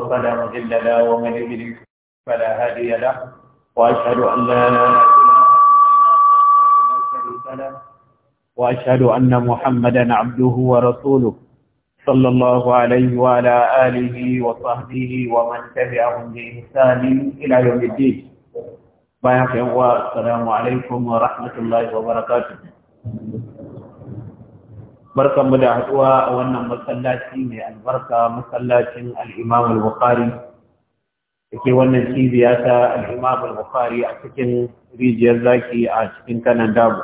فلا مضل له ومن يضلل فلا هادي له واشهد ان لا اله الا شريك واشهد ان محمدا عبده ورسوله صلى الله عليه وعلى اله وصحبه ومن تبعهم باحسان الى يوم الدين بارك الله السلام عليكم ورحمه الله وبركاته barkanmu da haɗuwa a wannan masallaci mai albarka masallacin al'imam al-bukhari da ke wannan cibiya ta al'imam al-bukhari a cikin rijiyar zaki a cikin kanan dabu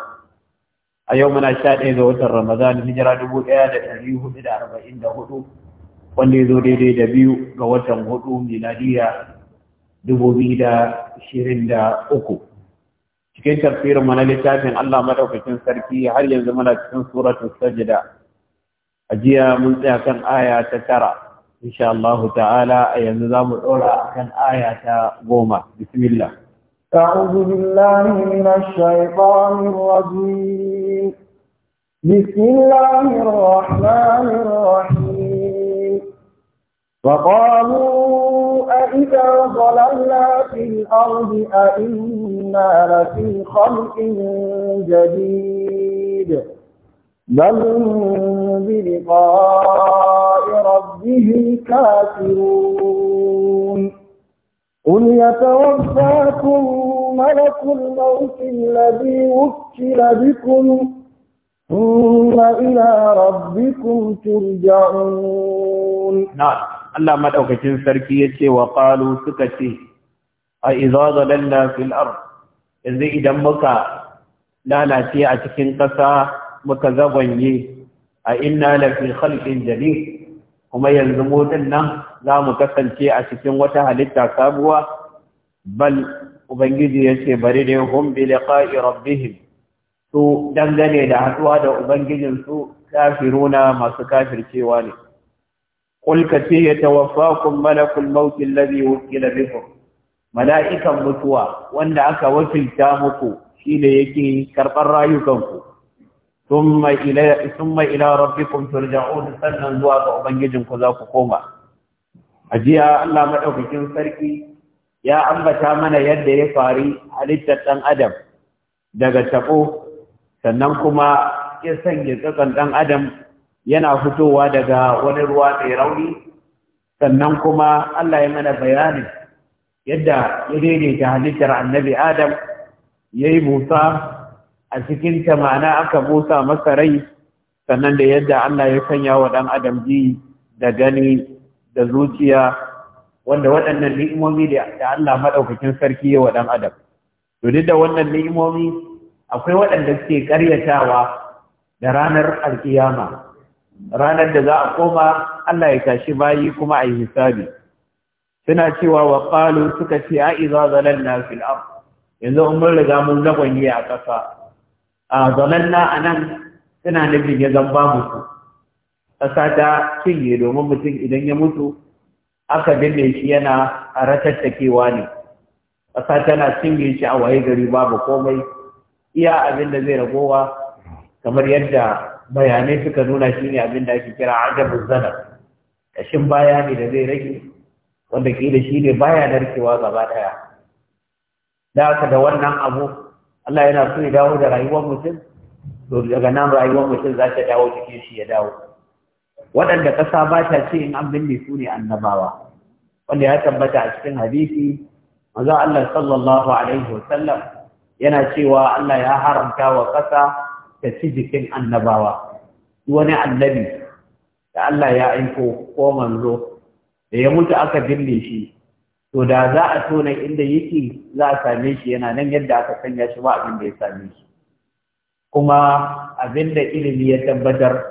a yau muna sha ɗaya ga watan ramadan hijira dubu ɗaya da ɗari hudu da arba'in da hudu wanda ya zo daidai da biyu ga watan hudu miladiya dubu biyu da ashirin da uku cikin tafsirin mana littafin Allah madaukakin sarki har yanzu muna cikin suratul sajda ajiya mun tsaya kan aya ta tara insha Allah ta'ala a yanzu zamu dora kan aya ta goma bismillah أعوذ بالله من الشيطان الرجيم بسم الله الرحمن الرحيم وقالوا إِذَا ضَلَلْنَا فِي الْأَرْضِ أَإِنَّا لَفِي خَلْقٍ جَدِيدٍ بَلْ بِلِقَاءِ رَبِّهِمْ كَافِرُونَ قُلْ يَتَوَفَّاكُم مَلَكُ الْمَوْتِ الَّذِي وُكِّلَ بِكُمْ ثُمَّ إِلَى رَبِّكُمْ تُرْجَعُونَ نعم Allah madaukakin sarki yace wa qalu suka ce a idza dalalna fil ard yanzu idan muka lalace a cikin ƙasa muka zagwanye a inna la fi khalqin jadid kuma yanzu mu nan za mu kasance a cikin wata halitta sabuwa bal ubangiji yace bari da hum bi liqa'i rabbihim su dangane da haduwa da ubangijin su kafiruna masu kafircewa ne qul ka ce yatawaffakum malakul maut alladhi wukila bikum mala'ikan mutuwa wanda aka wakilta muku shine yake karɓar rayukanku thumma mai thumma ila rabbikum turja'un sannan zuwa ga ku za ku koma ajiya Allah maɗaukakin sarki ya ambata mana yadda ya fari halittar ɗan adam daga taɓo sannan kuma ya sanya tsakan ɗan adam yana fitowa daga wani ruwa mai rauni sannan kuma Allah ya mana bayani yadda ya daidaita halittar annabi Adam ya yi busa a cikin ta ma'ana aka busa masa rai sannan da yadda Allah ya sanya wa ɗan Adam ji da gani da zuciya wanda waɗannan ni'imomi da Allah maɗaukakin sarki ya wa ɗan Adam. To da wannan ni'imomi akwai waɗanda suke ƙaryatawa da ranar alkiyama ranar da za a koma Allah ya tashi bayi kuma a yi hisabi suna cewa wa qalu suka ce a iza na fil ard yanzu an mun riga mun yi a ƙasa a a anan suna nufin ya zan ba mutu ƙasa ta cinye domin mutum idan ya mutu aka binne shi yana ratattakewa ne ƙasa tana cinye shi a waye gari babu komai iya abin da zai ragowa kamar yadda bayanai suka nuna shi ne abin da ake kira ajabin zana ƙashin baya ne da zai rage wanda ke da shi ne baya narkewa gaba ɗaya da aka da wannan abu Allah yana so ya dawo da rayuwar mutum to daga nan rayuwar mutum za ta dawo cikin shi ya dawo waɗanda ƙasa ba ta ce in an binne su ne annabawa wanda ya tabbata a cikin hadisi manzo Allah sallallahu alaihi wasallam yana cewa Allah ya haramta wa ƙasa Da ci jikin annabawa wani annabi da Allah ya aiko ko manzo da ya mutu aka dille shi to da za a tona inda yake za a same shi yana nan yadda aka sanya shi ba abin da ya same shi kuma abin da ilimi ya tabbatar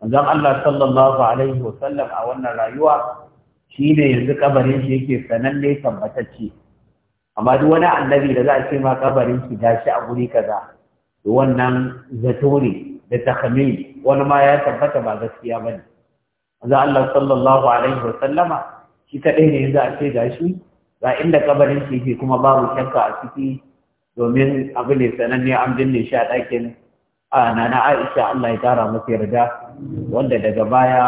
manzon Allah sallallahu alaihi wasallam a wannan rayuwa shine yanzu kabarin shi yake sananne tabbatacce amma duk wani annabi da za a ce ma kabarin shi shi a guri kaza wannan zato ne da takhmini wani ma ya tabbata ba gaskiya ne. manzo Allah sallallahu alaihi wasallama shi kaɗai ne za a ce gashi ga inda kabarin shi ke kuma babu shakka a ciki domin abu ne sananne an binne shi a ɗakin na Aisha Allah ya tara masa yarda wanda daga baya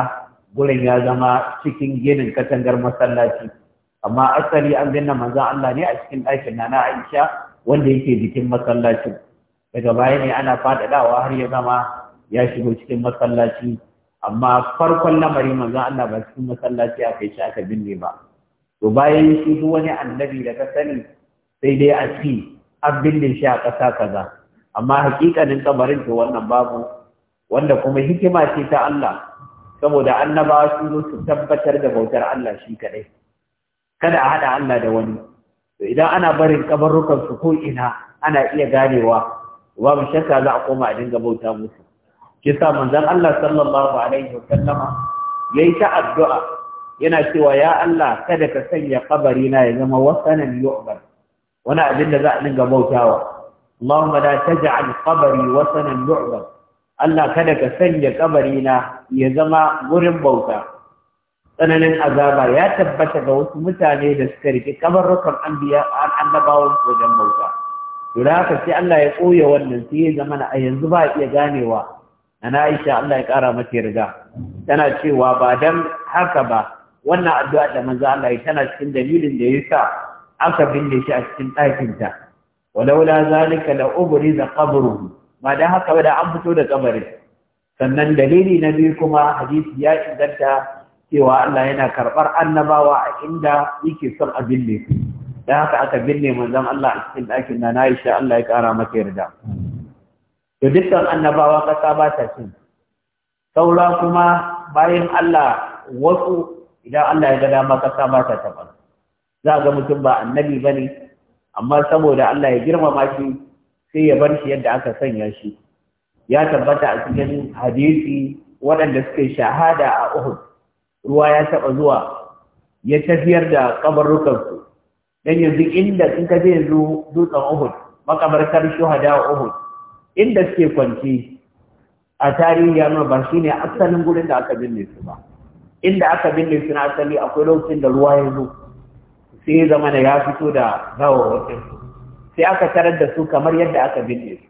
gurin ya zama cikin ginin katangar masallaci amma asali an binne manzon Allah ne a cikin ɗakin nana Aisha wanda yake jikin masallacin daga baya ne ana faɗaɗawa har ya zama ya shigo cikin masallaci amma farkon lamari manzon Allah ba cikin masallaci aka yi shi aka binne ba to bayan shi duk wani annabi da ka sani sai dai a ci an binne shi a ƙasa kaza amma hakikanin kabarin to wannan babu wanda kuma hikima ce ta Allah saboda annabawa sun zo su tabbatar da bautar Allah shi kaɗai. kada a haɗa Allah da wani to idan ana barin kabarrukan su ko ina ana iya ganewa babu shakka za a koma a dinga bauta musu kisa manzon Allah sallallahu alaihi wa sallama yayi ta addu'a yana cewa ya Allah kada ka sanya kabari na ya zama wasanan yu'bad wani abin da za a dinga bautawa Allahumma ta taj'al qabri wasanan yu'bad Allah kada ka sanya kabari na ya zama wurin bauta tsananin azaba ya tabbata ga wasu mutane da suka rike kabarrukan an annabawan wajen bauta da haka sai Allah ya ɓoye wannan sai ya zama a yanzu ba iya ganewa ana Aisha Allah ya ƙara mata riga tana cewa ba dan haka ba wannan addu'a da manzo Allah ya tana cikin dalilin da ya sa aka binne shi a cikin ɗakin ta walaula zalika la ubriza qabruhu ba don haka ba da an fito da kabarin sannan dalili na biyu kuma hadisi ya inganta cewa Allah yana karɓar annabawa a inda yake son a binne su Da haka aka binne manzon Allah a cikin ɗakin na Aisha Allah ya ƙara mata yarda to dukkan annabawa ƙasa ba ta cin saura kuma bayan Allah wasu idan Allah ya ga dama ƙasa ba ta taɓa za ga mutum ba annabi ba ne amma saboda Allah ya girmama shi sai ya bar shi yadda aka sanya shi ya tabbata a cikin hadisi waɗanda suka shahada a Uhud ruwa ya taɓa zuwa ya tafiyar da kabarukansu dan yanzu inda in ka je yanzu dutsen Uhud makabartar shuhada Uhud inda suke kwanci a tarihi ya nuna ba shine asalin gurin da aka binne su ba inda aka binne su na asali akwai lokacin da ruwa ya zo sai zama ya fito da gawawakin sai aka tarar da su kamar yadda aka binne su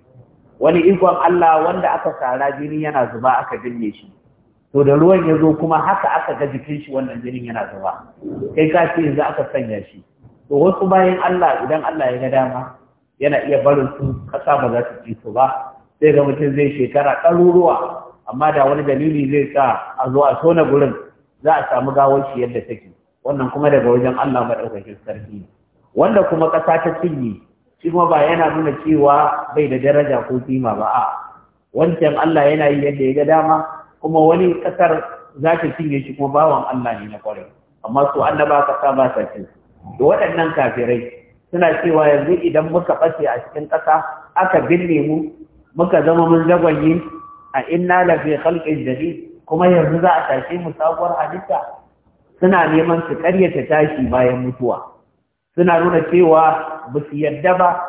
wani ikon Allah wanda aka tsara jini yana zuba aka binne shi to da ruwan ya zo kuma haka aka ga jikin shi wannan jinin yana zuba kai ka ce yanzu aka sanya shi to wasu bayan Allah idan Allah ya ga dama yana iya barin su kasa ba za su ci su ba sai ga mutum zai shekara ɗaruruwa amma da wani dalili zai sa a zo a tona gurin za a samu gawar shi yadda take wannan kuma daga wajen Allah maɗaukakin sarki wanda kuma ƙasa ta cinye shi kuma ba yana nuna cewa bai da daraja ko kima ba a wancan Allah yana yi yadda ya ga dama kuma wani ƙasar za ta cinye shi kuma bawan Allah ne na ƙwarai? amma su annaba ƙasa ba sa cinye waɗannan kafirai suna cewa yanzu idan muka ɓace a cikin ƙasa aka binne mu muka zama mun zagwanyi a inna fi khalqin jadid kuma yanzu za a tashe mu sabuwar halitta suna neman su karyata tashi bayan mutuwa suna nuna cewa ba su yadda ba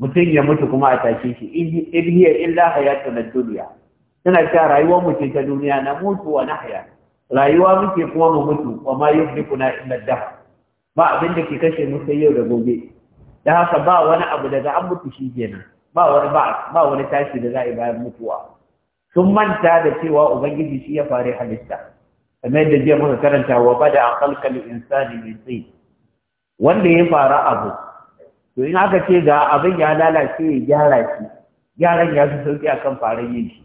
mutum ya mutu kuma a tashi shi in hiya illa hayatun na duniya suna cewa rayuwar mu ce ta duniya na mutuwa na haya rayuwa muke kuma mu mutu wa ma yuhlikuna illa ba abin da ke kashe mu sai yau da gobe da haka ba wani abu daga an mutu shi kenan ba wani ba ba wani tashi da za a yi bayan mutuwa sun manta da cewa ubangiji shi ya fare halitta kamar da jiya muka karanta wa bada a kalkal insani min tsayi wanda ya fara abu to in aka ce ga abin ya lalace ya gyara shi gyaran ya fi sauki akan fara yin shi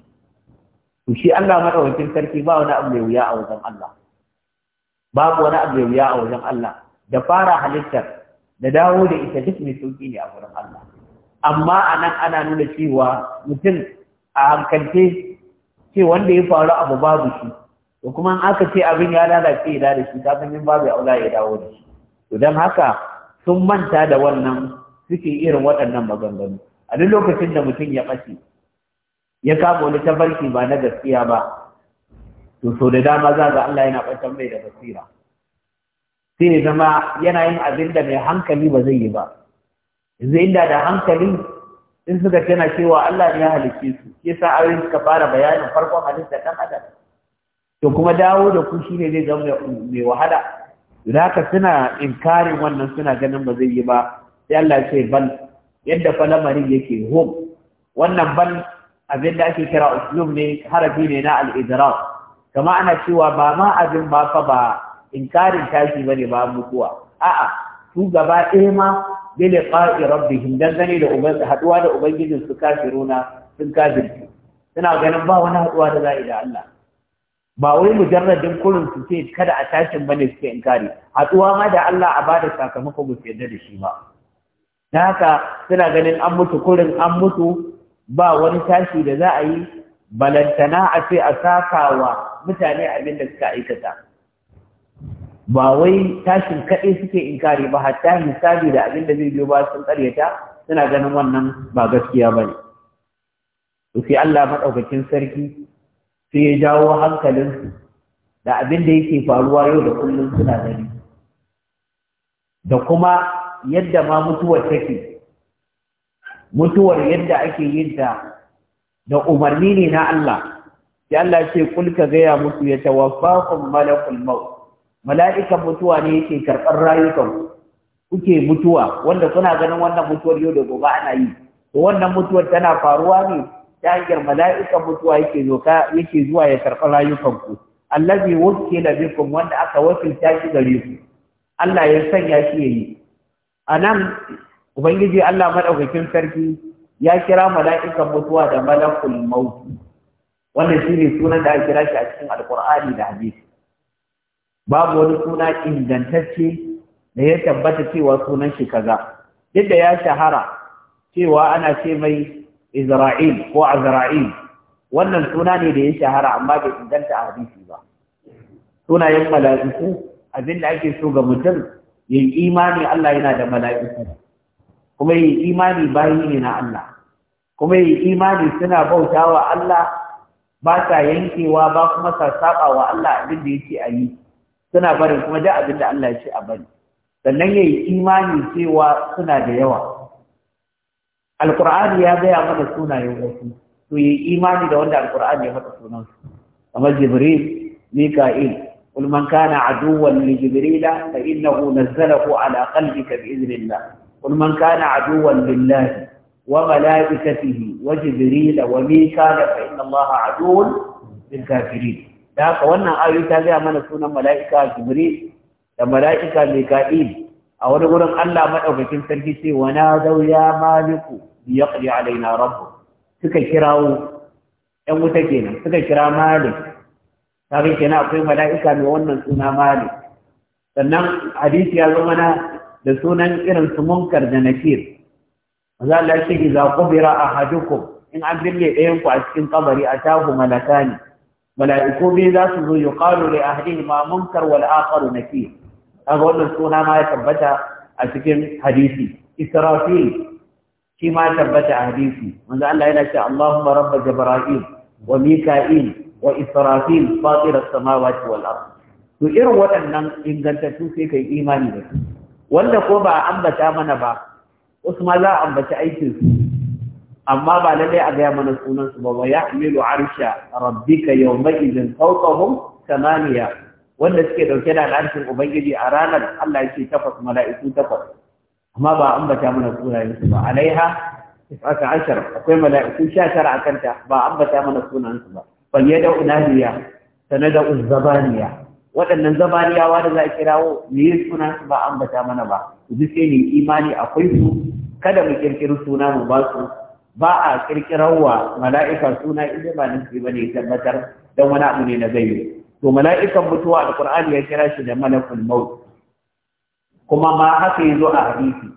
to shi Allah madaukakin sarki ba wani abu mai wuya a wajen Allah babu wani abu mai wuya a wajen Allah da fara halittar da dawo da ita duk mai sauki ne a wurin Allah amma a nan ana nuna cewa mutum a hankalce ce wanda ya faru abu babu shi to kuma an aka ce abin ya lalace ya da shi kafin yin babu aula ya dawo da shi to don haka sun manta da wannan suke irin waɗannan maganganu a duk lokacin da mutum ya ɓace ya kama wani tafarki ba na gaskiya ba to so da dama za ga Allah yana ɓatan mai da basira sai ne zama yana yin abin da mai hankali ba zai yi ba yanzu inda da hankali in suka tana cewa Allah ne ya halicce su sa ayoyin suka fara bayanin farkon halitta dan adam to kuma dawo da ku shine zai zama mai wahala haka suna inkarin wannan suna ganin ba zai yi ba sai Allah ya ce bal yadda fa lamarin yake hum wannan bal abin da ake kira uslub ne harafi ne na al-idrak kama ana cewa ba ma abin ba fa ba inkarin tashi bane ba mutuwa a'a su gaba ɗaya ma bi liqa'i rabbihim dangane da uban haduwa da ubangijin su kafiruna sun kafirci suna ganin ba wani haduwa da za'i da Allah ba wai mujarradin kurin su ce kada a tashi bane suke inkari haduwa ma da Allah a bada sakamako ba su da shi ba dan haka suna ganin an mutu kurin an mutu ba wani tashi da za a yi balantana a ce a sakawa mutane abin da suka aikata ba wai tashin kaɗai suke inkari ba hatta misali da abin da zai biyo ba sun ƙaryata suna ganin wannan ba gaskiya ba ne to sai Allah maɗaukakin sarki sai ya jawo hankalinsu da abin da yake faruwa yau da kullum suna gani da kuma yadda ma mutuwar take mutuwar yadda ake yin ta da umarni ne na Allah sai Allah ce kulka gaya musu ya kun malakul maut mala'ikan mutuwa ne yake karɓar rayukan kuke mutuwa wanda kuna ganin wannan mutuwar yau da gobe ana yi to wannan mutuwar tana faruwa ne ta hanyar mala'ikan mutuwa yake zo yake zuwa ya karɓi rayukan ku allazi wakila bikum wanda aka wakilta shi gare ku Allah ya sanya shi yayi anan ubangiji Allah madaukakin sarki ya kira mala'ikan mutuwa da malakul maut wannan shine sunan da aka kira shi a cikin alqur'ani da hadisi babu wani suna ingantacce da ya tabbata cewa sunan shi kaza duk da ya shahara cewa ana ce mai Isra'il ko Azra'il wannan suna ne da ya shahara amma bai inganta a hadisi ba sunayen mala'iku abin da ake so ga mutum ya yi imani Allah yana da mala'iku kuma yi imani bayi ne na Allah kuma yi imani suna bautawa Allah ba sa yankewa ba kuma sa saba wa Allah abin da yake a yi suna barin kuma da abin da Allah ya ce a bari sannan ya yi imani cewa suna da yawa alkur'ani ya gaya mana sunayen wasu to yi imani da wanda alkur'ani ya faɗa sunansu kamar jibril mika'il قل من كان عدوا لجبريل فإنه نزله على قلبك بإذن الله قل من كان عدوا لله وملائكته وجبريل وميكال فإن الله عدو للكافرين da haka wannan ayoyi ta gaya mana sunan mala'ika jibril da mala'ika mika'il a wani wurin Allah madaukakin sarki sai, wa na zau ya maliku yaqdi alaina rabbu suka kirawo ɗan wuta kenan suka kira malik kaga kenan akwai mala'ika mai wannan suna malik sannan hadisi ya zo mana da sunan irin su munkar da nakir maza Allah ce iza kubira ahadukum in an binne ɗayan ku a cikin kabari a tahu malakani mala'iku biyu za su zo yuqalu li ahlihima munkar wal akharu nakir kaga wannan suna ma ya tabbata a cikin hadisi israfil shi ma ya tabbata a hadisi manzo Allah yana cewa Allahumma rabb jibril wa mika'il wa israfil fatir as-samawati wal ard to irin waɗannan ingantattu sai kai imani da su wanda ko ba ambata mana ba wasu ma za a ambaci aikin su amma ba lalle a gaya mana sunansu ba wa ya yahmilu arsha rabbika yawma idhin fawqahum samaniya wanda suke dauke da al'arshin ubangiji a ranar Allah yake takwas mala'iku takwas amma ba ambata mana sunayen su ba alaiha tis'ata ashar akwai mala'iku 19 a kanta ba ambata mana sunansu ba bal yada unadiya sanada uzzabaniya waɗannan zabaniyawa da za a kirawo me yi sunansu su ba ambata mana ba su ji sai ne imani akwai su kada mu kirkiri suna mu ba su ba a kirkirar wa mala'ika suna inda ba nufi ba ne tabbatar don wani abu ne na gaibe to mala'ikan mutuwa alkur'ani ya kira shi da malakul maut kuma ma haka ya zo a hadisi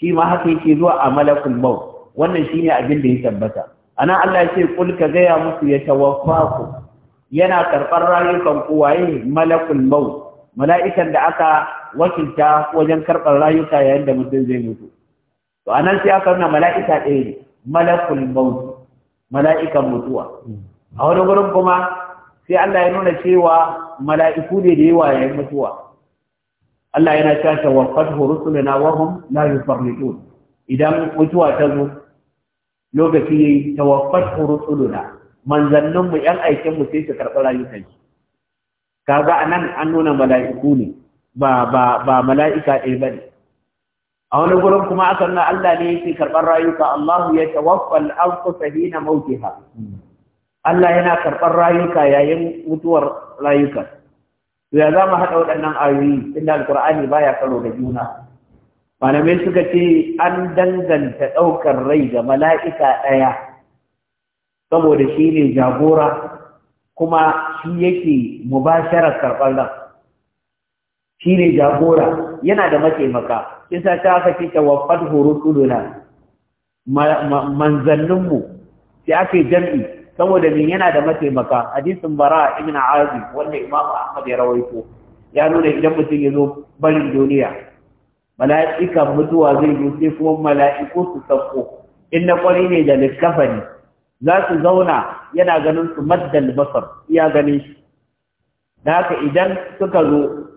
shi ma haka yake zuwa a malakul maut wannan shi ne abin da ya tabbata ana Allah ya ce kul gaya musu ya ku, yana karɓar rayukan ku waye malakul maut mala'ikan da aka wakilta wajen karɓar rayuka yayin da mutum zai mutu to anan sai aka nuna mala'ika ɗaya ne malakul maut mala'ikan mutuwa a wani gurin kuma sai Allah ya nuna cewa mala'iku ne da yawa yayin mutuwa Allah yana cewa tawaffatu rusuluna wa hum la yufarritun idan mutuwa ta zo lokaci tawaffatu rusuluna manzannin mu yan aikin mu sai su karɓi rayukan shi kaga anan an nuna mala'iku ne ba ba ba mala'ika ɗaya a wani gurin kuma aka nuna Allah ne yake karɓar rayuka Allah ya tawaffal anfusa hina mautiha Allah yana karɓar rayuka yayin mutuwar rayuka to ya za mu haɗa waɗannan ayoyi inda alqur'ani baya karo da juna malamai suka ce an danganta ɗaukar rai ga mala'ika ɗaya saboda shi ne jagora kuma shi yake mubasharar karɓar nan, shi ne jagora yana da mataimaka kisa ta aka ce tawaffat rusuluna manzanninmu sai aka jam'i saboda min yana da mataimaka hadisin bara ibn azi wanda imamu ahmad ya rawaito ya nuna idan mutum ya zo barin duniya mala'ika mutuwa zai zo sai kuma mala'iku su sauko in na kwari ne da likafani za su zauna yana ganin su maddal basar iya ganin shi da haka idan suka zo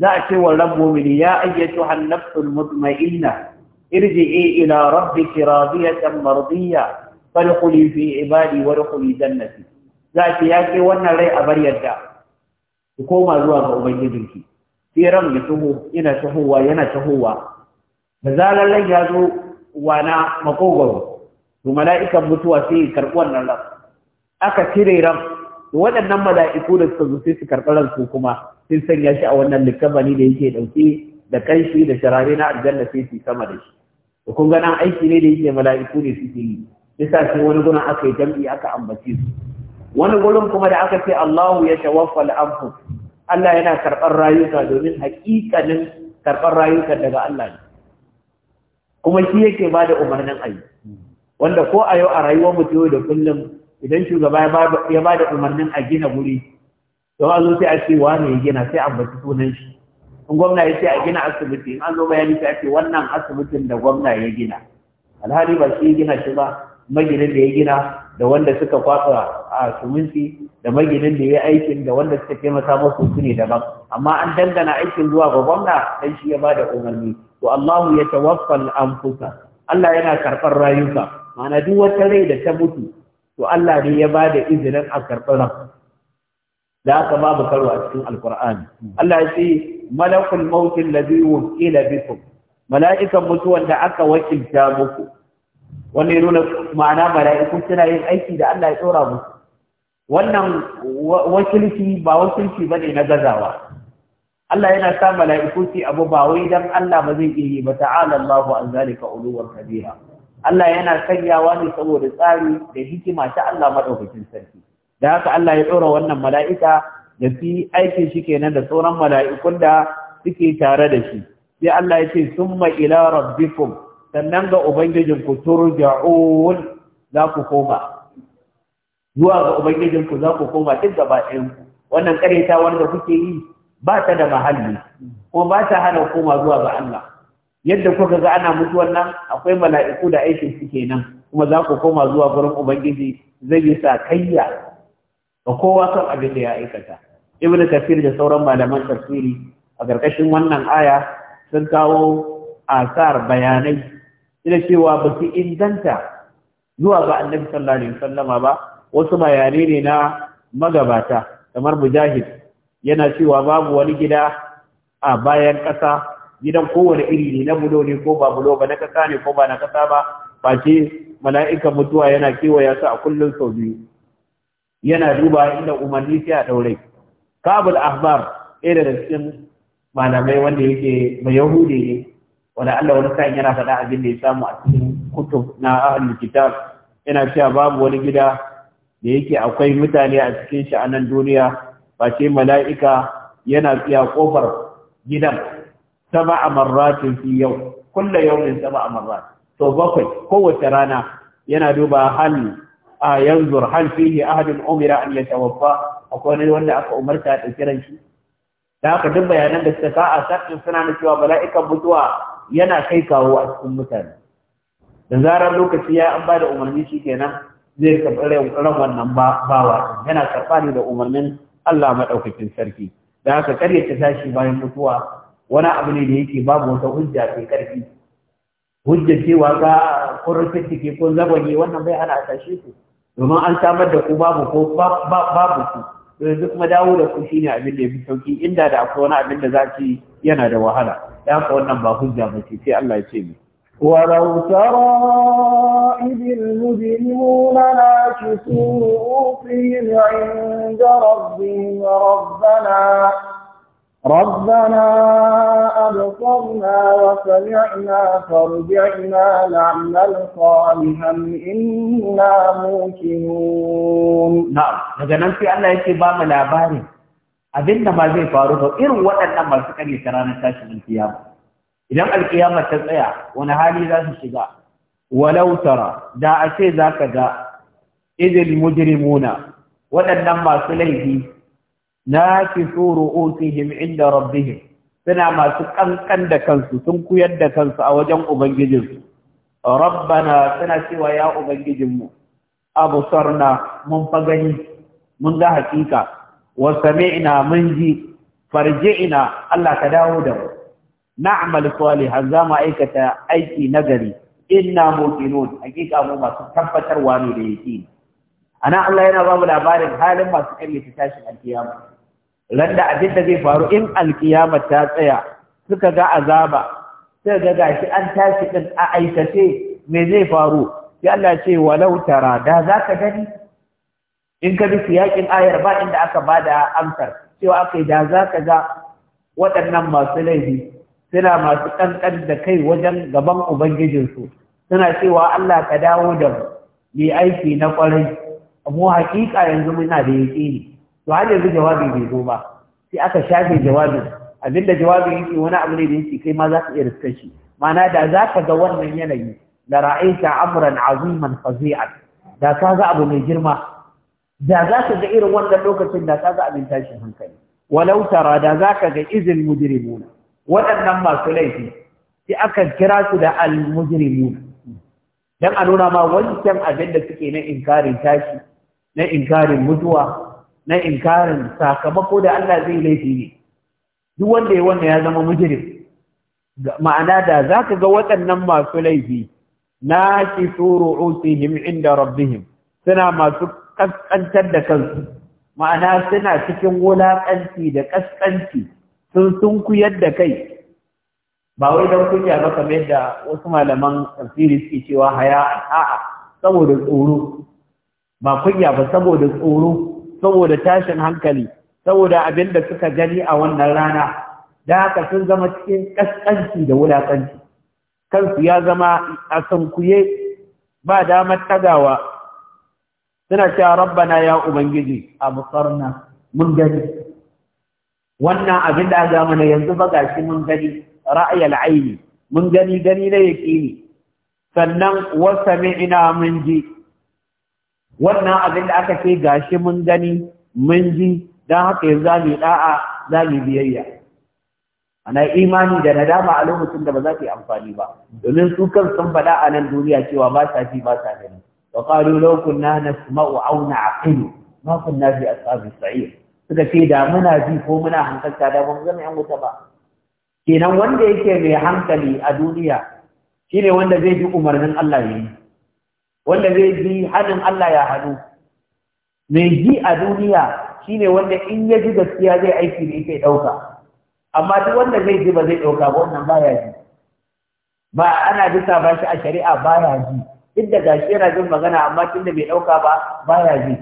za a ce wa rabu mini ya ayyatu hannafsul mutma'inna irji'i ila rabbiki radiyatan mardiya fadkhuli fi ibadi wa dkhuli jannati za a ce ya ce wannan rai a bar yadda ki koma zuwa ga ubangijinki tsiran ya taho yana tahowa yana tahowa da zalallan ya zo wana makogoro to mala'ikan mutuwa sai karɓi wannan ran aka cire ran waɗannan mala'iku da suka zo sai su karɓi ransu kuma sun sanya shi a wannan likabani da yake ɗauke da kanshi da sharare na aljanna sai su sama da shi to kun ga aiki ne da yake mala'iku ne suke yi yasa sai wani gurin aka yi jam'i aka ambace su wani gurin kuma da aka ce Allahu ya tawaffa al Allah yana karɓar rayuka domin haƙiƙanin karɓar rayuka daga Allah ne kuma shi yake ba da umarnin ayi wanda ko a yau a rayuwar mu da kullum idan shugaba ya ba da umarnin a gina guri to a zo sai a ce ya gina sai a sunan shi in gwamna ya ce a gina asibiti in an zo bayani sai a ce wannan asibitin da gwamna ya gina alhali ba shi ya gina shi ba maginin da ya gina da wanda suka kwasa a suminti da maginin da ya yi aikin da wanda suka taimaka masu su ne daban amma an dangana aikin zuwa ga gwamna dan shi ya ba da umarni to Allahu ya tawaffal anfusa Allah yana karɓar rayuka ma'ana duk wata rai da ta mutu to Allah ne ya ba da izinin a karɓi ran da aka babu karo a cikin alkur'ani Allah ya ce malakul mautin ladhi wukila bikum mala'ikan mutuwan da aka wakilta muku wannan ya nuna ma'ana mala'iku suna yin aiki da Allah ya tsora musu wannan wakilci ba wakilci bane na gazawa Allah yana sa mala'iku su abu ba wai dan Allah ba zai iya yi ba ta'ala Allahu an zalika uluwar kabira Allah yana sanyawa ne saboda tsari da hikima ta Allah maɗaukakin sarki da haka Allah ya ɗora wannan mala'ika da fi aikin shi kenan da sauran mala'ikun da suke tare da shi sai Allah ya ce sun ila rabbikum sannan ga ubangijinku turja'un za ku koma zuwa ga ubangijinku za ku koma duk gaba ɗayan ku wannan kareta wanda kuke yi ba ta da mahalli Kuma ba ta hana koma zuwa ga Allah yadda kuka ga ana mutuwar nan akwai mala'iku da aikin su kenan kuma za ku koma zuwa gurin ubangiji zai yi sa kayya ga kowa kan abin da ya aikata ibnu kafir da sauran malaman tafsiri a ƙarƙashin wannan aya sun kawo asar bayanai ina cewa ba su inganta zuwa ga annabi sallallahu alaihi wasallama ba wasu bayanai ne na magabata kamar mujahid yana cewa babu wani gida a bayan ƙasa gidan kowane iri ne na bulo ne ko ba bulo ba na kasa ne ko ba na kasa ba Ba ce mala'ika mutuwa yana kewaya su a kullum sau biyu yana duba inda umarni sai a daure kabul ahbar ɗaya daga cikin malamai wanda yake mai yahudi ne wanda Allah wani sa'in yana faɗa abin da ya samu a cikin kutub na ahlul kitab yana cewa babu wani gida da yake akwai mutane a cikin shi a nan duniya mala'ika yana tsaya kofar gidan sab'a marratin fi yau yau yawmin sab'a marrat to bakwai kowace rana yana duba hal a yanzur hal fihi ahadun umira an yatawaffa akwai wani wanda aka umarta da kiran shi da haka duk bayanan da suka a sakin suna na cewa bala'ikan mutuwa yana kai kawo a cikin mutane da zarar lokaci ya an bada umarni shi kenan zai karɓi ran wannan bawa yana karɓa ne da umarnin Allah maɗaukacin sarki da haka karyata tashi bayan mutuwa wani abu ne da yake babu wata hujja ke karfi hujja cewa za kun ke kun zagwanye wannan bai hana tashi ku domin an samar da ku babu ko babu ku to yanzu kuma dawo da ku shine abin da fi sauki inda da akwai wani abin da za ki yana da wahala da haka wannan ba hujja ba ce sai Allah ya ce ni ولو ترى إذ المجرمون ناكسوا رؤوسهم عند ربهم ربنا ربنا أبصرنا وسمعنا فارجعنا نعمل صالحا إنا موقنون نعم daga nan sai Allah yake ba mu labari abinda ma zai faru ba irin waɗannan masu kare ta ranar tashin kiyama idan alkiyama ta tsaya wani hali za su shiga walau da a ce za ka ga idil mujrimuna waɗannan masu laifi Na nakisu usihim inda rabbihim suna masu kankan da kansu sun kuyar da kansu a wajen ubangijinsu rabbana suna cewa ya ubangijinmu abusarna mun fa gani mun ga hakika wa sami'na mun ji farji'na Allah ka dawo da mu na'mal salihan za mu aikata aiki nagari inna muqinun hakika mu masu tabbatarwa ne da yake ana Allah yana ba mu labarin halin masu kalli ta tashin alkiyama randa abin da zai faru in alkiyama ta tsaya suka ga azaba sai ga gashi an tashi din a aikace me zai faru sai Allah ce walau tara da zaka gani in ka bi siyakin ayar ba inda aka bada amsar cewa akai da zaka ga waɗannan masu laifi suna masu ƙanƙan da kai wajen gaban ubangijinsu suna cewa Allah ka dawo da mu aiki na ƙwarai mu haƙiƙa yanzu muna da yaƙini to har yanzu jawabin bai zo ba sai aka shafe jawabin abinda jawabin yake wani abu ne da yake kai ma za ka iya riskar shi ma'ana da za ka ga wannan yanayi da ra'aita amran aziman fazi'an da ka ga abu mai girma da za ka ga irin wannan lokacin da ka ga abin tashin hankali walau tara da za ka ga izin mujrimuna waɗannan masu laifi sai aka kira su da al mujrimuna dan a nuna ma wancan abin da suke na inkarin tashi na inkarin mutuwa na inkarin sakamako da Allah zai laifi ne duk wanda ya wanda ya zama mujirim ma'ana da zaka ga waɗannan masu laifi na ki usihim inda rabbihim suna masu kaskantar da kansu ma'ana suna cikin wulaƙanci da kaskanci sun kuyar da kai ba wai don kunya ba kamar da wasu malaman tafsiri suke cewa haya a'a saboda tsoro ba kunya ba saboda tsoro saboda tashin hankali saboda abin da suka gani a wannan rana da haka sun zama cikin ƙasƙanci da wulaƙanci kansu ya zama a sankuye ba damar tagawa suna cewa rabbana ya ubangiji a mun gani wannan abin da aka mana yanzu ba gashi mun gani ra'ayal aini mun gani gani na yaqini sannan wasami ina mun ji wannan abin da aka ce gashi mun gani mun ji don haka yanzu za mu da'a za mu biyayya ana imani da nadama a lokacin da ba za ta yi amfani ba domin su kan sun faɗa a nan duniya cewa ba sa ji ba sa gani wa qalu law kunna nasma'u aw na'qilu ma kunna fi ashabi sa'ir suka ce da muna ji ko muna hankalta da ba mu zama yan wuta ba kenan wanda yake mai hankali a duniya shine wanda zai ji umarnin Allah yayi wanda zai bi hannun Allah ya hannu mai ji a duniya shine wanda in ya ji gaskiya zai aiki da ita ya ɗauka amma duk wanda zai ji ba zai ɗauka ba wannan baya ji ba ana bisa ba shi a shari'a baya ji duk da gashi yana jin magana amma tun da bai ɗauka ba baya ji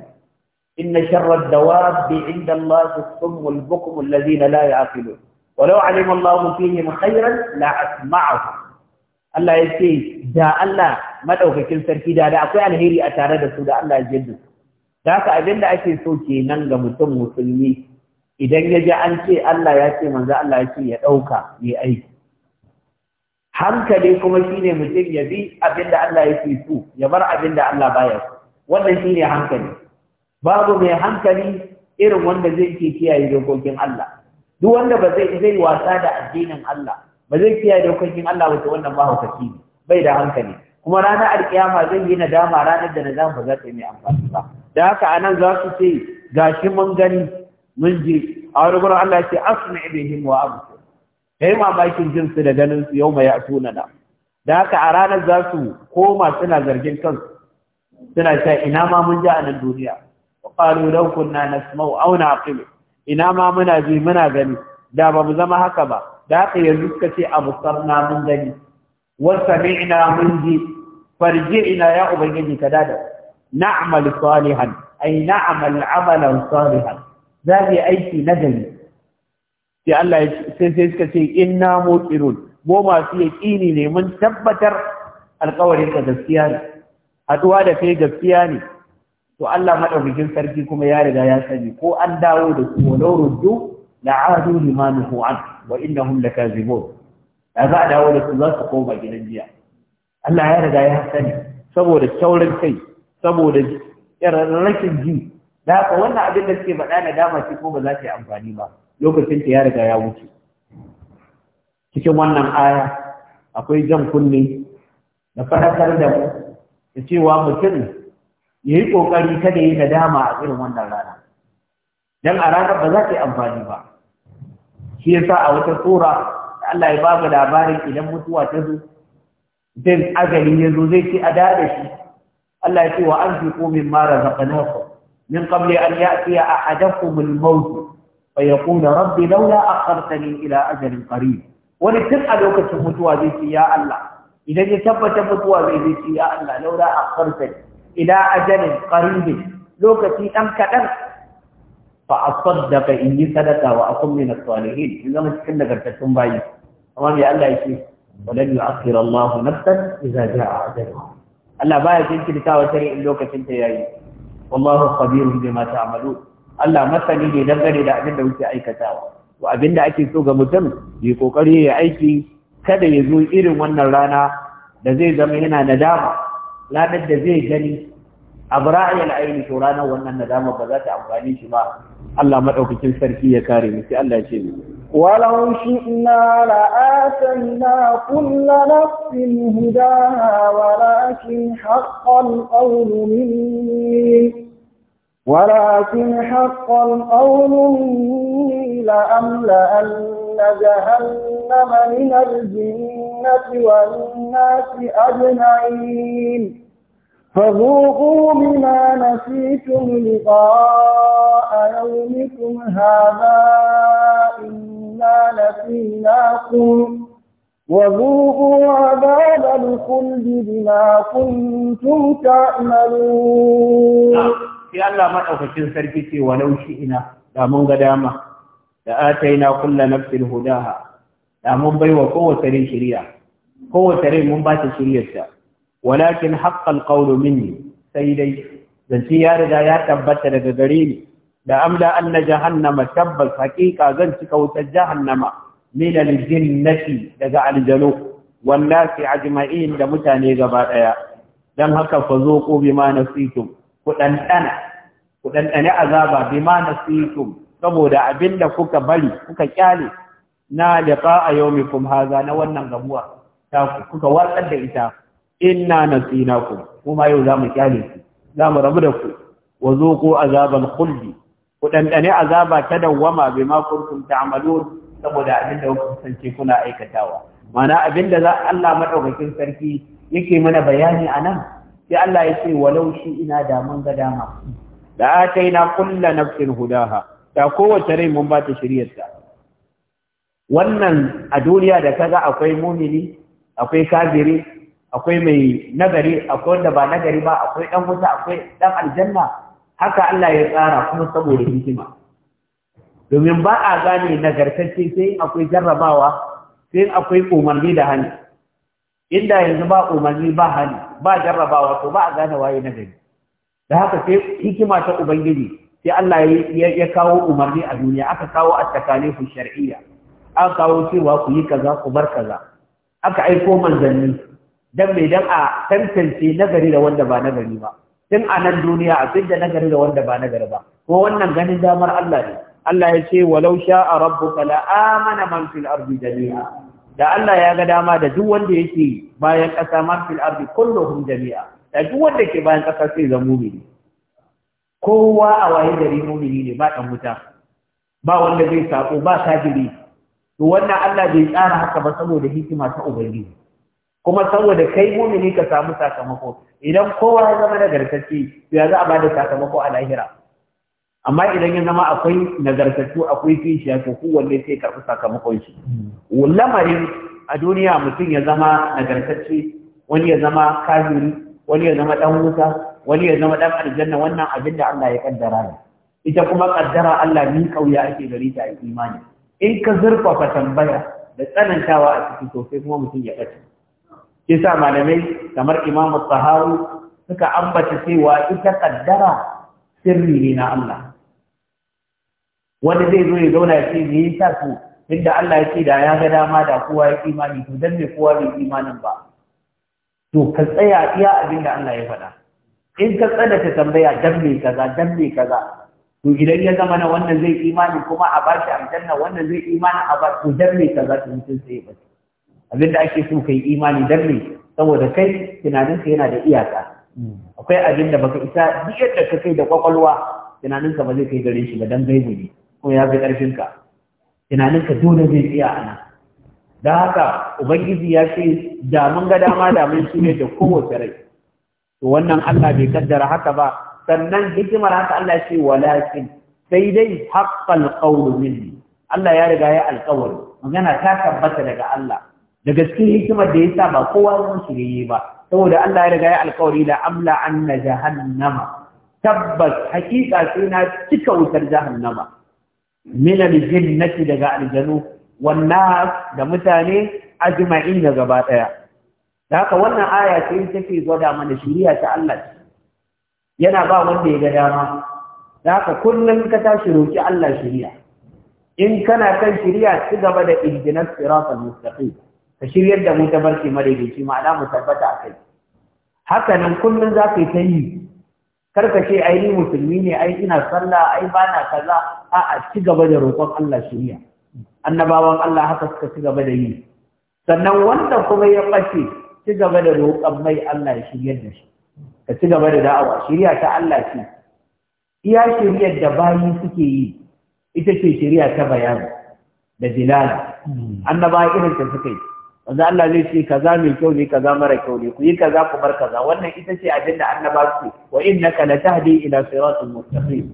inna sharrar dawabi inda Allah su summul bukumul lazina la ya aqilu walau alima Allah fihim khairan la asma'ahu Allah ya ce da Allah maɗaukakin sarki da da akwai alheri a tare da su da Allah ya jiddu da haka abin da ake so kenan ga mutum musulmi idan ya ji an ce Allah ya ce manzo Allah ya ce ya dauka yi aiki hankali kuma shine mutum ya bi abin da Allah yake su ya bar abin da Allah baya so wannan shine hankali babu mai hankali irin wanda zai ke kiyaye dokokin Allah duk wanda ba zai zai wasa da addinin Allah ba zai kiyaye dokokin Allah wato wannan mahaukaci ne bai da hankali kuma ranar alkiyama zai yi nadama ranar da nadama ba za ta yi mai amfani ba da haka anan za su ce gashi mun gani mun ji a wani gurin Allah ce asmi bihim wa abu. kai mamakin jin su da ganin su yau mai tuna da da haka a ranar za su koma suna zargin kansu suna cewa ina ma mun ji a nan duniya wa qalu law kunna nasma'u aw naqil ina ma muna ji muna gani da ba mu zama haka ba da haka yanzu suka ce a musarna mun gani wasa ina mun ji ina ya ubangiji ka dada na'mal salihan ay na'mal amalan salihan za mu yi aiki na gari sai Allah sai sai suka ce inna muqirun mu masu yaqini ne mun tabbatar alƙawarin ka gaskiya ne haduwa da kai gaskiya ne to Allah madaukakin sarki kuma ya riga ya sani ko an dawo da su walau ruddu la'adu lima nuhu an wa innahum lakazibun da za a dawo da su za su koma gidan jiya Allah ya riga ya sani saboda taurin kai saboda rashin ji da haka wannan abin da suke faɗa na dama ce ko ba za ta yi amfani ba lokacin ta ya riga ya wuce cikin wannan aya akwai jan kunne da faɗakar da mu cewa mutum ya yi ƙoƙari kada yi nadama a irin wannan rana dan a ranar ba za ta yi amfani ba shi yasa a wata tsora da Allah ya ba mu labarin idan mutuwa ta zo dan azali ya zo zai ce a dada shi Allah ya ce wa an fi anfiqu mimma razaqnakum min qabli an ya'tiya ahadakum al-maut fa yaqulu rabbi laula akhartani ila ajalin qarib wani tun a lokacin mutuwa zai ce ya Allah idan ya tabbata mutuwa zai zai ce ya Allah laula akhartani ila ajalin qarib lokaci dan kaɗan. fa asaddaka in yi sadaka wa akun min as-salihin in zama cikin nagartattun bayi amma me Allah yake walan yu'akhir Allah nafsan idza ja'a ajaluha Allah baya jinkirta wa tare in lokacin ta yayi wallahu khabirun bima ta'malun Allah masani ne dangane da abin da kuke aikatawa wa abin da ake so ga mutum yi kokari ya aiki kada ya zo irin wannan rana da zai zama yana nadama ranar da zai gani abu ra'ayin ainihin to ranar wannan nadama ba za ta amfani shi ba Allah maɗaukakin sarki ya kare mu sai Allah ya ce mu walau shi inna la atanna kullu nafsin huda walakin haqqan qawl minni walakin haqqan qawl minni la amla an najahanna min al-jinnati فذوقوا بما نسيتم لقاء يومكم هذا إنا نسيناكم وذوقوا عذاب الخلد بما كنتم تعملون نعم. في الله ما أفكر سرقتي ولو شئنا لا من قدامة لآتينا كل نفس هداها لا من بيوة قوة ري شريعة قوة ري من بات شريعة walakin haqqal qawlu ne, sai dai zance ya riga ya tabbata daga gare ni da amla anna jahannama tabbas haqiqa zan cika wutar jahannama min aljinnati daga aljanu wan nasi ajma'in da mutane gaba ɗaya? dan haka fa ko bima nasitum ku ku ɗanɗane azaba bima nasitum saboda abinda kuka bari kuka kyale na liqa a yawmikum haza na wannan gamuwa ta kuka watsar da ita inna nasinakum kuma yau zamu kyale ku zamu rabu da ku wa zuqu azabal khuldi ku dandane azaba ta dawwama bima kuntum ta'malun saboda abin da kuka sance kuna aikatawa mana abin da za Allah madaukakin sarki yake mana bayani anan sai Allah ya ce walau shi ina da mun ga dama da ataina kullu nafsin hudaha ta kowace rai mun ba ta wannan a duniya da kaga akwai mumini akwai kafiri akwai mai nagari akwai wanda ba nagari ba akwai dan wuta akwai dan aljanna haka Allah ya tsara kuma saboda hikima domin ba a gane nagartacce sai akwai jarrabawa sai akwai umarni da hani inda yanzu ba umarni ba hani ba jarrabawa to ba a gane waye nagari da haka sai hikima ta ubangiji sai Allah ya ya kawo umarni a duniya aka kawo at-takalifu shar'iyya aka kawo cewa ku yi kaza ku bar kaza aka aiko manzanni dan mai dan a tantance nagari da wanda ba nagari ba tun a nan duniya a da nagari da wanda ba nagari ba ko wannan ganin damar Allah ne Allah ya ce walau sha'a rabbuka la amana man fil ardi jami'a da Allah ya ga dama da duk wanda yake bayan ƙasa man fil ardi kulluhum jami'a da duk wanda ke bayan ƙasa sai zama mu'mini kowa a waye gari mu'mini ne ba dan wuta ba wanda zai sako ba kafiri to wannan Allah bai tsara haka ba saboda hikima ta ubangiji kuma saboda kai mumini ka samu sakamako idan kowa ya zama nagartacce ya za a bada sakamako a lahira amma idan ya zama akwai nagartattu akwai kishiya to kowanne sai karɓi sakamakon shi lamarin a duniya mutum ya zama nagartacce wani ya zama kafiri wani ya zama dan wuta wani ya zama dan aljanna wannan abin da Allah ya kaddara ne ita kuma kaddara Allah ni kauya ake gari ta imani in ka zurfafa tambaya da tsanantawa a ciki sosai kuma mutum ya kace Isa malamai kamar Imam al Sahawi suka ambata cewa ita kaddara sirri ne na Allah wanda zai zo ya zauna ya ce me yasa ku inda Allah ya ce da ya ga dama da kowa ya imani to dan me kowa bai imanin ba to ka tsaya iya abin da Allah ya faɗa in ka tsada ta tambaya dan me kaza dan me kaza to idan ya zama na wannan zai imani kuma a bashi aljanna wannan zai imani a ba to dan me kaza to mutum sai ya bace abin da ake so ka yi imani dan ne saboda kai tunaninka yana da iyaka akwai abin da baka isa duk yadda ka kai da kwakwalwa tunaninka ba zai kai gare shi ba dan gaibu ne kuma ya fi ƙarfinka tunaninka dole zai tsaya a nan da haka ubangiji ya ce da mun ga dama da mun shi ne da kowace rai to wannan Allah bai kaddara haka ba sannan hikimar haka Allah ya ce walakin sai dai haqqal qawlu minni Allah ya riga ya alƙawari magana ta tabbata daga Allah daga cikin hikimar da yasa ba kowa zan shirye ba saboda Allah ya riga ya alƙawari da amla anna jahannama tabbas hakika sai na cika wutar jahannama min aljinnati daga aljanu wan nas da mutane ajma'in da gaba daya da haka wannan aya ce take gwada mana shiriya ta Allah yana ba wanda ya ga dama da haka kullum ka tashi roki Allah shiriya in kana kan shiriya ci gaba da ihdinas siratal mustaqim ka shiryar da mu ta barke madaidaici ma'ana mu tabbata a kai haka nan kullum za ka yi ta yi karka ce ai ni musulmi ne ai ina sallah ai ba na kaza a a ci gaba da roƙon Allah shiriya annabawan Allah haka suka ci gaba da yi sannan wanda kuma ya ɓace ci gaba da roƙon mai Allah ya shiryar da shi ka ci gaba da da'awa shiriya ta Allah ce iya shiryar da bayi suke yi ita ce shiriya ta bayani da dilala hmm. annabawa irin ta suka yi wanda Allah zai ce kaza mai kyau ne kaza mara kyau ne ku yi kaza ku bar kaza wannan ita ce abin da annaba su wa la tahdi ila siratin mustaqim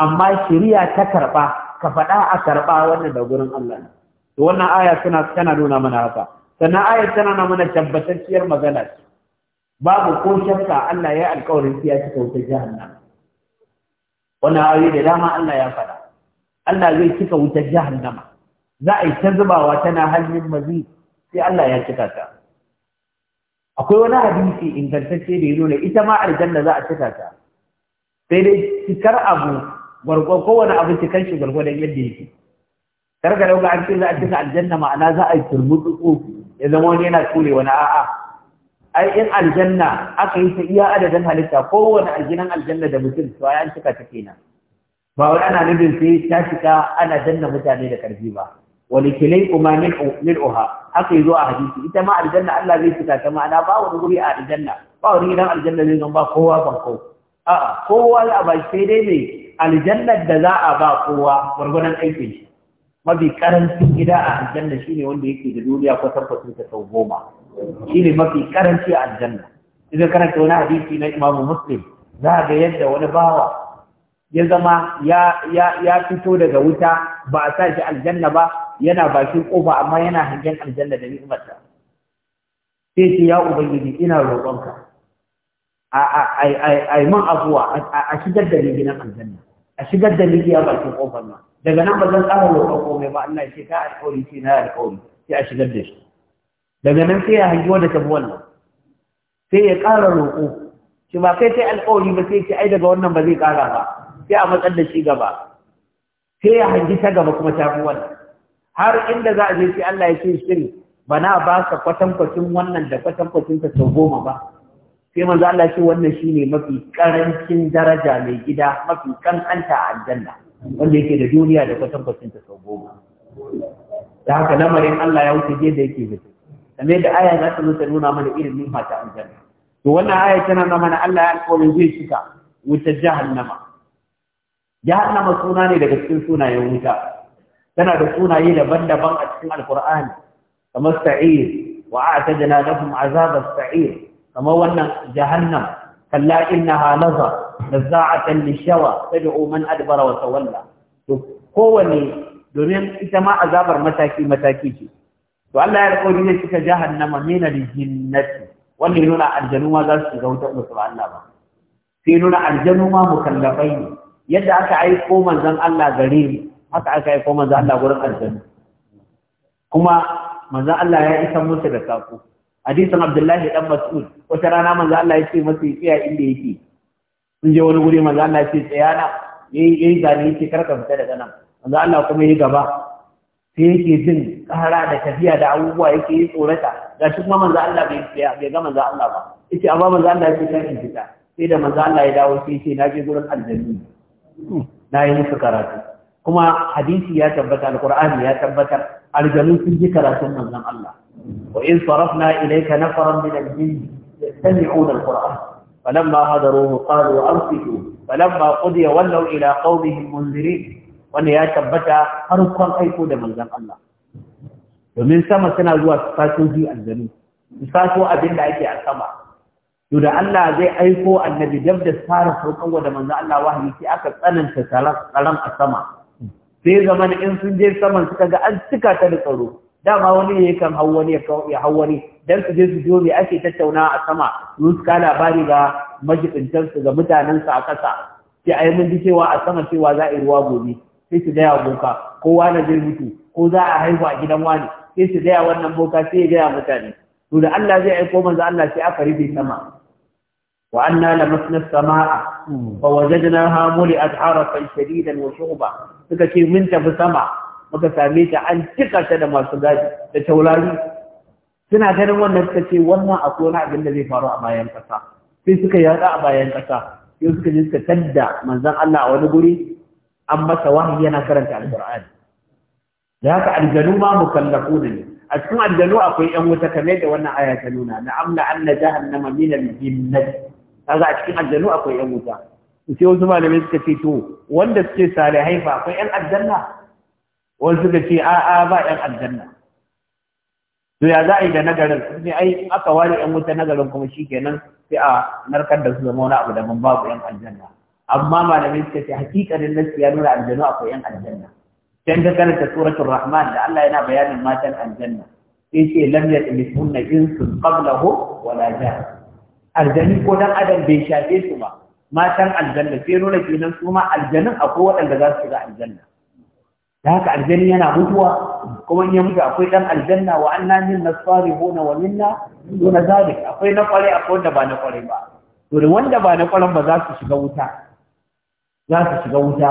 amma shari'a ta karba ka faɗa a karba wannan da gurin Allah ne to wannan aya suna tana nuna mana haka sannan aya tana nuna mana tabbatacciyar magana babu ko shakka Allah ya alƙawarin ya cika wuta jahannam wannan ayoyi da dama Allah ya faɗa Allah zai cika wuta jahannama za a yi ta zubawa tana hannun mazi sai Allah ya cika ta akwai wani hadisi ingantacce da ya nuna ita ma aljanna za a cika ta sai dai cikar abu gwargwar kowane abu cikar shi gwargwadon yadda yake karka dauka an ce za a cika aljanna ma'ana za a yi turmutsu ya zama wani yana ture wani a'a ai in aljanna aka yi ta iya adadin halitta kowane aljinan aljanna da mutum to ai cika ta kenan ba wai ana nufin sai ta cika ana danna mutane da karfi ba wani kilai kuma min oha haka yi zo a hadisi ita ma aljanna Allah zai fita ta ma'ana ba wani guri a aljanna ba wani gidan aljanna zai zama ba kowa ban ko a'a kowa za a ba sai dai ne aljannar da za a ba kowa gwargwadon aikin shi mafi karancin gida a aljanna shine wanda yake da duniya kwatan kwatan ta sau goma shine mafi karanci a aljanna idan karanta wani hadisi na imamu muslim za ga yadda wani bawa ya zama ya fito daga wuta ba a sa shi aljanna ba yana bakin kofa amma yana hangen aljanna da ni'imarta sai ce ya ubangiji ina roƙonka a yi man abuwa a shigar da ni gidan aljanna a shigar da ni ya bakin kofar nan daga nan ba zan tsara roƙon komai ba Allah ya ce ka alƙawari ce na alƙawari sai a shigar da shi daga nan sai ya hangi wanda ta wannan sai ya ƙara roƙo shi ba kai sai alƙawari ba sai ce ai daga wannan ba zai ƙara ba sai a matsar da shi gaba sai ya hangi ta gaba kuma ta ruwan har inda za a je sai Allah ya ce shiri bana ba ka kwatankwacin wannan da kwatankwacin ka sau goma ba sai manzo Allah ce wannan shine mafi karancin daraja mai gida mafi kankanta a aljanna wanda yake da duniya da kwatankwacin ta sau goma da haka lamarin Allah ya wuce da yake bi kamar da aya za ta zo ta nuna mana irin nufa ta aljanna to wannan aya tana nuna mana Allah ya alƙawarin zai cika wuta jahannama jahannama suna ne daga cikin sunayen wuta tana da sunaye daban-daban a cikin alkur'ani kamar sa'ir wa ta lahum azab as-sa'ir kamar wannan jahannam kalla innaha laza nazza'atan lishawa tad'u man adbara wa tawalla to kowane domin ita ma azabar mataki mataki ce to Allah ya alƙawari ne cika jahannama min al-jinnati wannan nuna aljanu ma za su shiga wutar musu Allah ba sai nuna aljanu ma mukallafai ne yadda aka aiko manzan Allah gare ni haka aka aiko manzan Allah gurin aljanna kuma manzan Allah ya isa musu da sako hadisin Abdullahi dan Mas'ud wata rana manzan Allah ya ce masa ya tsaya inda yake sun je wani guri manzan Allah ya ce tsaya na yayi zane yake karka fita daga nan Manzan Allah kuma yayi gaba sai yake jin kahara da tafiya da abubuwa yake yi tsorata gashi kuma manzan Allah bai tsaya bai ga manzan Allah ba yace amma manzan Allah ya ce kai fita sai da manzan Allah ya dawo sai ce na je gurin aljanna na yi musu karatu kuma hadisi ya tabbata alqur'ani ya tabbata aljanu sun ji karatun manzon Allah wa in sarafna ilayka nafaran min al-jinn yastami'una al-qur'an falamma hadaruhu qalu arsitu falamma qudiya wallaw ila qaumihim munzirin wanda ya tabbata farkon aiko da manzon Allah domin sama suna zuwa fasoji aljanu faso abin da ake a sama to da Allah zai aiko annabi dab da fara sauƙan wa da manzo Allah wahayi sai aka tsananta tsaron a sama sai zaman in sun je saman suka ga an ta da tsaro dama wani ne kan hau wani ya hau wani dan su je su jo me ake tattauna a sama su suka labari ga majibintan su ga mutanen su a kasa sai ayi mun ji cewa a sama cewa za a yi ruwa gobe sai su gaya boka kowa na zai mutu ko za a haihu a gidan wani sai su gaya wannan boka sai ya gaya mutane to da Allah zai aiko manzo Allah sai aka rufe sama وأنا لمسنا السماء فوجدناها ملئت عرفا شديدا وشهبا تكتي من تفسما مكساميت عن ثقة لما سجاد لتولاني suna ganin wannan suka wannan akwai wani abin da zai faru a bayan ƙasa sai suka yaɗa a bayan ƙasa sai suka je suka tadda manzon Allah a wani guri an masa wahayi yana karanta alqur'ani da haka aljanu ma mukallafu ne a cikin aljanu akwai yan wuta kamar da wannan aya ta nuna na amla jihar jahannama min al-jinnati kaga a cikin aljanu akwai yan wuta sai wasu malamai suka ce to wanda suke salihai fa akwai yan aljanna wasu suka ce a'a ba yan aljanna to ya za da nagarin ne ai in aka ware yan wuta nagarin kuma shikenan sai a narkar da su zama wani abu daban babu yan aljanna amma malamai suka ce hakikanin nasi ya nuna aljanu akwai yan aljanna sai ta karanta suratul rahman da Allah yana bayanin matan aljanna sai ce lam yatmisunna insun qablahu wala jan aljani ko dan adam bai shafe su ba matan aljanna sai nuna kenan su ma aljanin akwai waɗanda za su shiga aljanna da haka aljani yana mutuwa kuma in ya mutu akwai dan aljanna wa anna min nasarihuna wa minna duna zalik akwai na kware akwai wanda ba na kware ba to da wanda ba na kware ba za su shiga wuta za su shiga wuta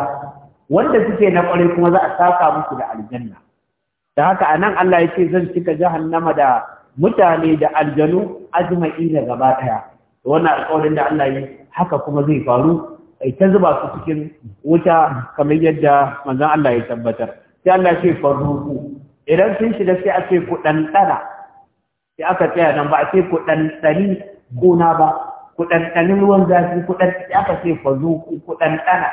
wanda suke na kware kuma za a saka musu da aljanna da haka anan Allah ya ce zan cika jahannama da mutane da aljanu da gaba daya Da wannan alƙawarin da Allah yi haka kuma zai faru ai zuba su cikin wuta kamar yadda manzon Allah ya tabbatar sai Allah ce farruku idan sun shiga sai a ce ku tsara sai aka tsaya nan ba a ce ku tsari kuna ba ku ruwan zafi ku sai aka ce farruku ku tsara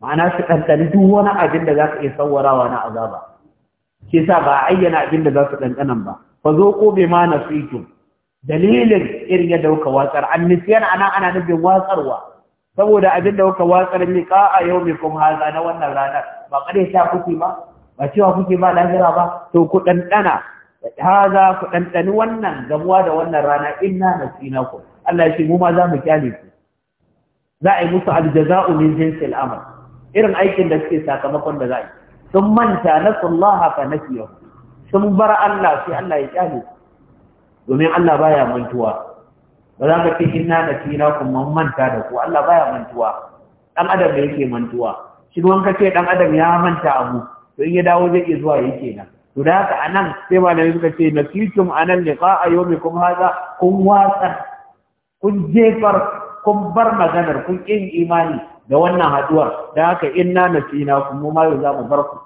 ma'ana su ɗanɗani duk wani abin da za ka iya sawarawa na azaba shi sa ba a ayyana abin da za su tsanan ba fa zo ko bai ma na su dalilin irin yadda kuka watsar annisiyan anan ana nufin watsarwa saboda abin da kuka watsar liqa'a yawmikum hadha na wannan rana. ba kare ta kuke ba ba cewa kuke ba lahira ba to ku dandana hadha ku dandani wannan gamuwa da wannan rana inna nasinakum Allah ya ce mu ma za mu kyale ku za a yi musu aljaza'u min jinsil amal irin aikin da suke sakamakon da za a yi sun manta na sullaha fa nasiyahu sun bar Allah sai Allah ya kyale su domin Allah baya mantuwa ba za ka ce inna da tira kuma manta da ku Allah baya mantuwa dan adam da yake mantuwa shi ruwan ka ce dan adam ya manta abu to in ya dawo zai iya zuwa yake nan to da haka anan sai nan suka ce nasitum anan liqa'a yawmikum hadha kun watsar kun jefar kun bar maganar kun kin imani da wannan haduwar da haka inna nasina kuma ma yau za mu bar ku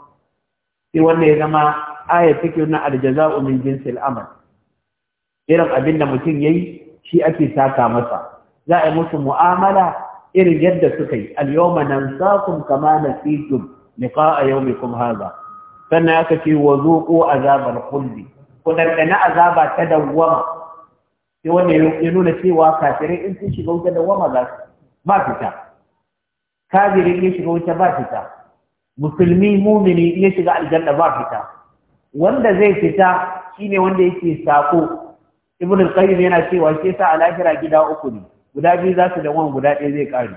sai wannan ya zama aya take na aljaza'u min jinsil amal irin abin da mutum ya yi shi ake saka masa za a yi musu mu'amala irin yadda suka yi nan, za nansakum kama a yau mai kuma haza. sannan ya ce wa zuqu azabal khuldi ku dandana azaba ta dawwama sai wanda ya nuna cewa kafirai in sun shiga wuta dawwama za su ba fita kafirin ya shiga wuta ba fita musulmi mumini ya shiga aljanna ba fita wanda zai fita shine wanda yake sako ibn al-qayyim yana cewa shi yasa al'akira gida uku ne guda biyu za su dawama guda ɗaya zai ƙare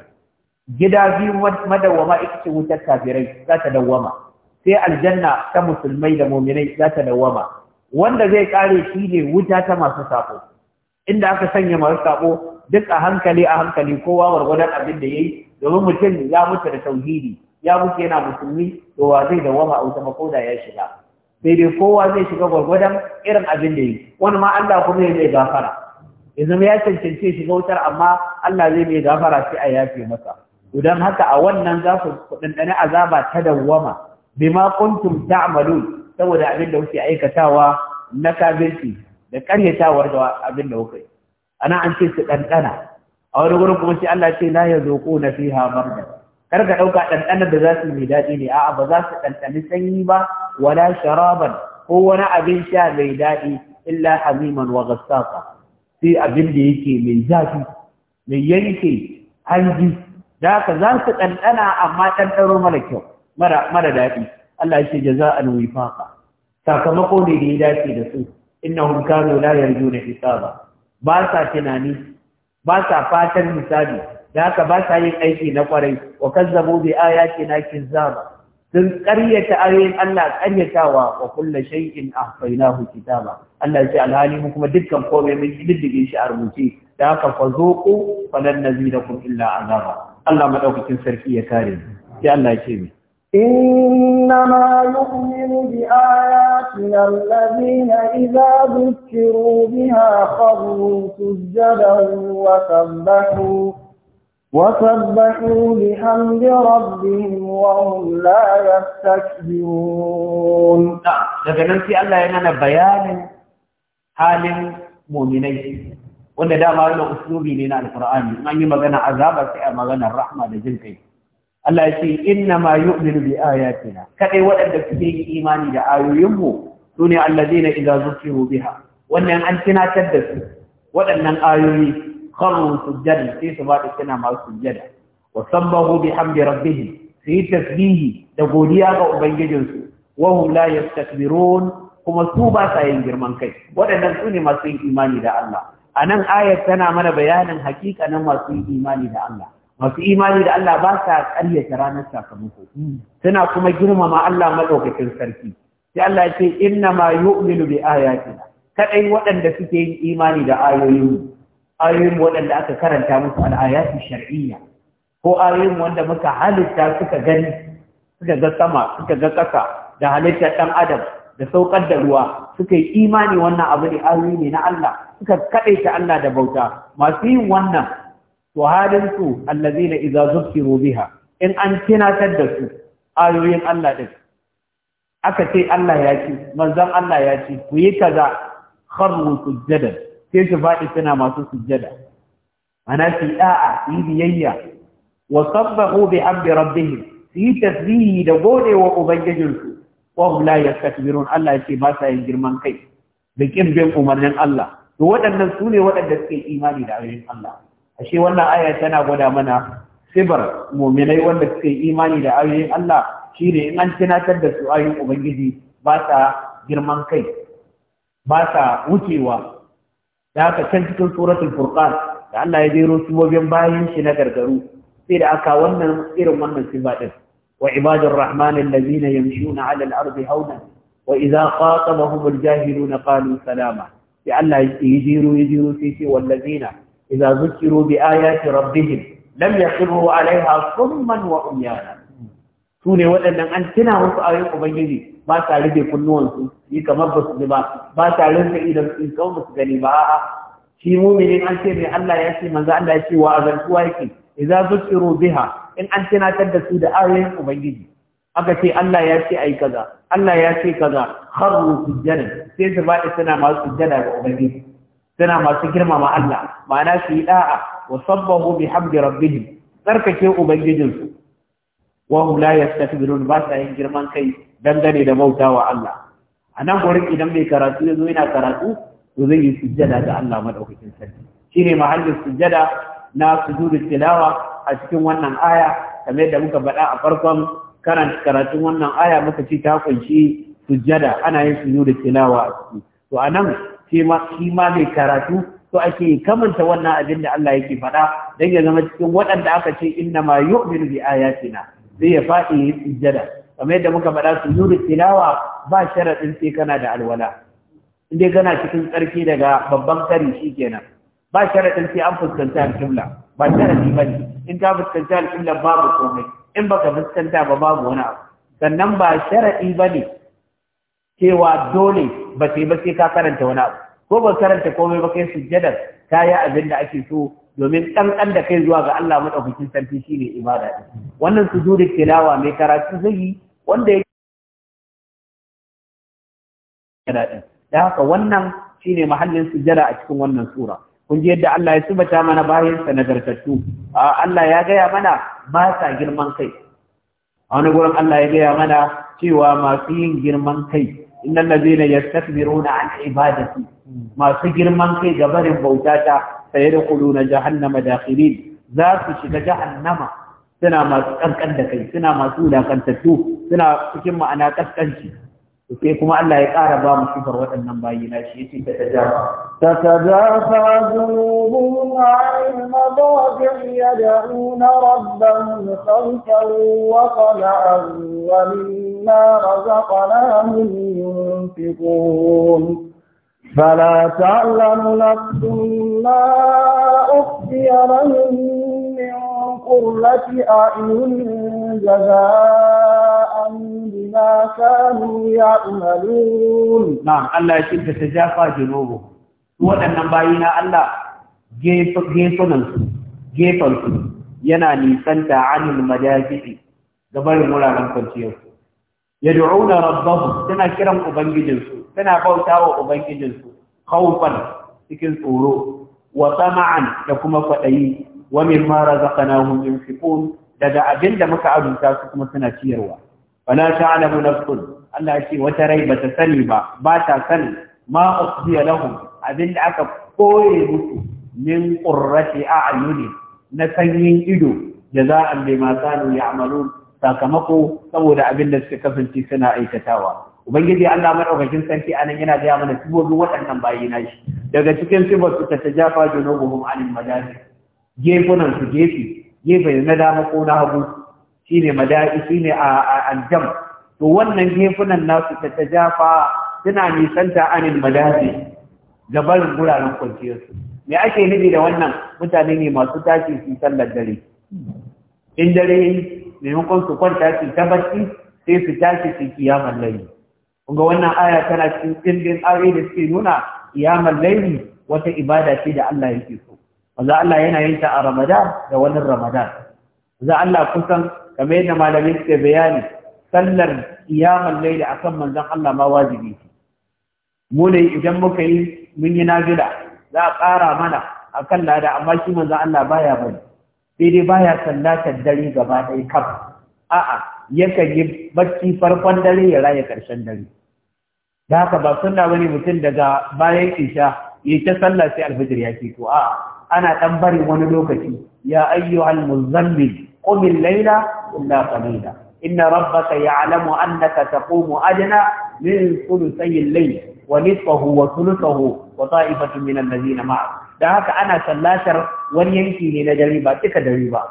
gida biyu madawama ita ce wutar kafirai za ta dawama sai aljanna ta musulmai da muminai za ta dawama wanda zai ƙare shi ne wuta ta masu sako inda aka sanya masu sako duk a hankali a hankali kowa wargwadon abin da yayi domin mutum ya mutu da tauhidi ya mutu yana musulmi to wa zai dawama a wuta makoda ya shiga sai dai kowa zai shiga gwargwadon irin abin da yi wani ma Allah kuma ya mai gafara ya zama ya cancance shiga wutar amma Allah zai mai gafara sai a yafe masa idan haka a wannan za su ɗanɗani azaba ta dawwama bima kuntum ta'malun saboda abin da kuke aikatawa na kafirci da karyatawar da abin da kuke ana an ce su ɗanɗana a wani gurin kuma sai Allah ce la yazuqu na fiha marda kar ka ɗauka ɗanɗanar da za su yi mai daɗi ne a'a ba za su ɗanɗani sanyi ba wala sharaban ko wani abin sha mai daɗi illa hamiman wa sai abin da yake mai zafi mai yanke hanji da haka za su ɗanɗana amma ɗanɗano mara kyau mara daɗi Allah shi jaza'an wifaqa sakamako ne da ya dace da su innahum kanu la yarjuna hisaba ba sa tunani ba sa fatan misali da haka ba sa yin aiki na kwarai wa kazzabu bi ayatina kizzaba sun ƙaryata ayoyin Allah ƙaryatawa wa kulla shay'in ahsaynahu kitaba Allah ya alhali mu kuma dukkan komai mun diddige shi a rubuce da haka fa zuqu falan nazidakum illa azaba Allah madaukakin sarki ya kare mu sai Allah ya ce mu إنما يؤمن بآياتنا الذين إذا ذكروا بها خروا سجدا وسبحوا وسبحوا بحمد ربهم وهم لا يستكبرون daga nan sai Allah ya mana bayanin halin mu'minai wanda dama wannan uslubi ne na alqur'ani in an yi magana azaba sai a magana rahma da jin kai Allah ya ce inna ma yu'minu bi ayatina kadai waɗanda suke yi imani da ayoyinmu, mu sune allazina idza zukiru biha wannan an tinatar da su waɗannan ayoyi kharru sujjadan sai su faɗi suna masu sujjada wa sabbahu bihamdi rabbihim su tasbihi da godiya ga ubangijinsu wa hum la yastakbirun kuma su ba sa yin girman kai waɗannan su ne masu yin imani da Allah a nan ayat tana mana bayanin hakikanin masu yin imani da Allah masu imani da Allah ba sa ƙaryata ranar sakamako suna kuma girmama Allah madaukakin sarki sai Allah ya ce inna ma yu'minu bi ayatina kadai waɗanda suke yin imani da ayoyin ayoyin waɗanda aka karanta musu al'ayatu shar'iyya ko ayoyin wanda muka halitta suka gani suka ga sama suka ga ƙasa da halittar ɗan adam da saukar da ruwa suka yi imani wannan abu ne ayoyi ne na Allah suka kaɗaita Allah da bauta masu yin wannan to halin su na idza zukkiru biha in an tunatar da su ayoyin Allah din aka ce Allah ya ce manzon Allah ya ce ku yi kaza kharru sujjadan sai su faɗi suna masu sujjada ana su da'a su yi biyayya wa sabbahu bi rabbihi su tasbihi da gode wa ubangijinsu wa hum la yastakbirun Allah yake ba sa yin girman kai da kin bin umarnin Allah to waɗannan su ne waɗanda suke imani da ayoyin Allah ashe wannan aya tana gwada mana sibar muminai wanda suke imani da ayoyin Allah shi ne in an tunatar da su ayoyin Ubangiji ba sa girman kai ba sa wucewa da haka can cikin suratul furqan da Allah ya jero sibobin bayan shi na gargaru sai da aka wannan irin wannan sifa din wa ibadur rahman allazina yamshuna ala al-ardi hawna wa idza khatabahum al-jahiluna qalu salama sai Allah ya jero ya jero sai ce wallazina idza zukiru bi ayati rabbihim lam yaqiru alaiha summan wa umyana su ne waɗannan an tuna wasu ayoyin ubangiji ba sa rufe kunnuwansu yi kamar ba su ba ba sa rinsa idan sun kawo ba su gani ba a'a shi muminin an ce mai Allah ya ce manzo Allah ya ce wa azantuwa yake idza zukiru biha in an tunatar da su da ayoyin ubangiji aka ce Allah ya ce ai kaza Allah ya ce kaza kharru sujjadan sai su faɗi suna masu sujjada ga ubangiji suna masu girmama Allah ma'ana su yi da'a wa sabbahu bihamdi rabbihim tsarkake ubangijinsu wa hum la yastakbirun ba sa yin girman kai dangane da bauta wa Allah anan nan gurin idan bai karatu ya zo yana karatu to zai yi sujjada ga Allah madaukakin sarki shine mahallin sujjada na sujudu tilawa a cikin wannan aya kamar yadda muka faɗa a farkon karanta karatun wannan aya muka ci ta kunshi sujjada ana yin sujudu tilawa a ciki to anan kima shi ma mai karatu to ake kamanta wannan abin da Allah yake faɗa dan ya zama cikin waɗanda aka ce inna ma yu'minu bi ayatina sai ya faɗi ya sujjada kamar yadda muka faɗa su yuri tilawa ba sharaɗin sai kana da alwala in dai kana cikin tsarki daga babban kari shi kenan ba sharaɗin sai an fuskanci alƙibla ba sharaɗi ba ne in ka fuskanci alƙibla babu komai in baka fuskanta ba babu wani abu sannan ba sharaɗi ba ne cewa dole ba sai ba sai ka karanta wani abu ko ba karanta komai ba kai sujjadar ta yi abin da ake so domin kankan da kai zuwa ga Allah madaukakin sarki shine ibada din wannan sujudu tilawa mai karatu zai yi wanda yake da haka wannan shine mahallin sujada a cikin wannan sura kun ji yadda Allah ya subata mana bayan sa nagartattu Allah ya gaya mana ba sa girman kai a wani gurin Allah ya gaya mana cewa masu yin girman kai innal ladina yastakbiruna an ibadati masu girman kai ga barin bautata sayadkhuluna jahannama dakhirin za su shiga jahannama suna masu ƙanƙan da kai suna masu wulakantattu suna cikin ma'ana kaskanci sai kuma Allah ya ƙara ba mu waɗannan bayi na shi yace ta tajafa ta tajafa zunubuhum an madaji yad'una rabbahum khawfan wa na wa mimma razaqnahum yunfiqun فلا تعلم نفس ما أخفي لهم من قرة أعين جزاء بما كانوا يعملون نعم الله يشد تجافى جنوبه waɗannan bayi na Allah gefunansu gefansu yana nisanta anil majajisi ga barin wuraren kwanciyarsu na rabbahu tana kiran ubangijinsu tana bauta wa ubangijinsu khawfan cikin tsoro wa tama'an da kuma kwaɗayi wa mimma razaqnahum yunfiqun daga abin da muka azurta su kuma suna ciyarwa wala ta'lamu nafsun Allah ce wata rai bata sani ba ba ta sani ma usbiya lahum abin da aka koye musu min a a'yuni na sanyin ido jaza'an bima kanu amalu sakamako saboda abin da suka kasance suna aikatawa ubangiji Allah madaukakin sarki anan yana ga mana sibobin waɗannan bayi na shi daga cikin sibar su ta tajafa junubuhum anin madadi, gefunan su gefi gefe na dama ko na hagu shine madaji shine a aljam to wannan gefunan nasu ta jafa suna nisanta anil madaji gaban guraren kwanciyar su me ake nufi da wannan mutane ne masu tashi su sallar dare in dare maimakon su kwanta su ta sai su tashi su kiyamar layi kunga wannan aya tana cikin ɗimbin aure da suke nuna kiyamar laili wata ibada ce da Allah yake so maza Allah yana yin ta a Ramadan da wannan Ramadan maza Allah kusan kamar yadda malamai suke bayani sallar kiyamar laili akan manzon Allah ma wajibi ce mu ne idan muka yi mun yi nafila za a ƙara mana akan lada amma shi manzon Allah baya bari sai dai baya sallatar dare gaba ɗaya kaf a'a yakan yi bacci farkon dare ya raya ƙarshen dare da haka ba suna bane mutum daga bayan isha yi ta sallah sai alfajir ya to a ana dan barin wani lokaci ya ayyuhal muzammil qum al-layla illa qalila inna rabbaka ya'lamu annaka taqumu adna min thuluthay al-layl wa nisfahu wa thuluthahu wa ta'ifatun min alladhina ma'a da haka ana sallatar wani yanki ne na dare ba duka dare ba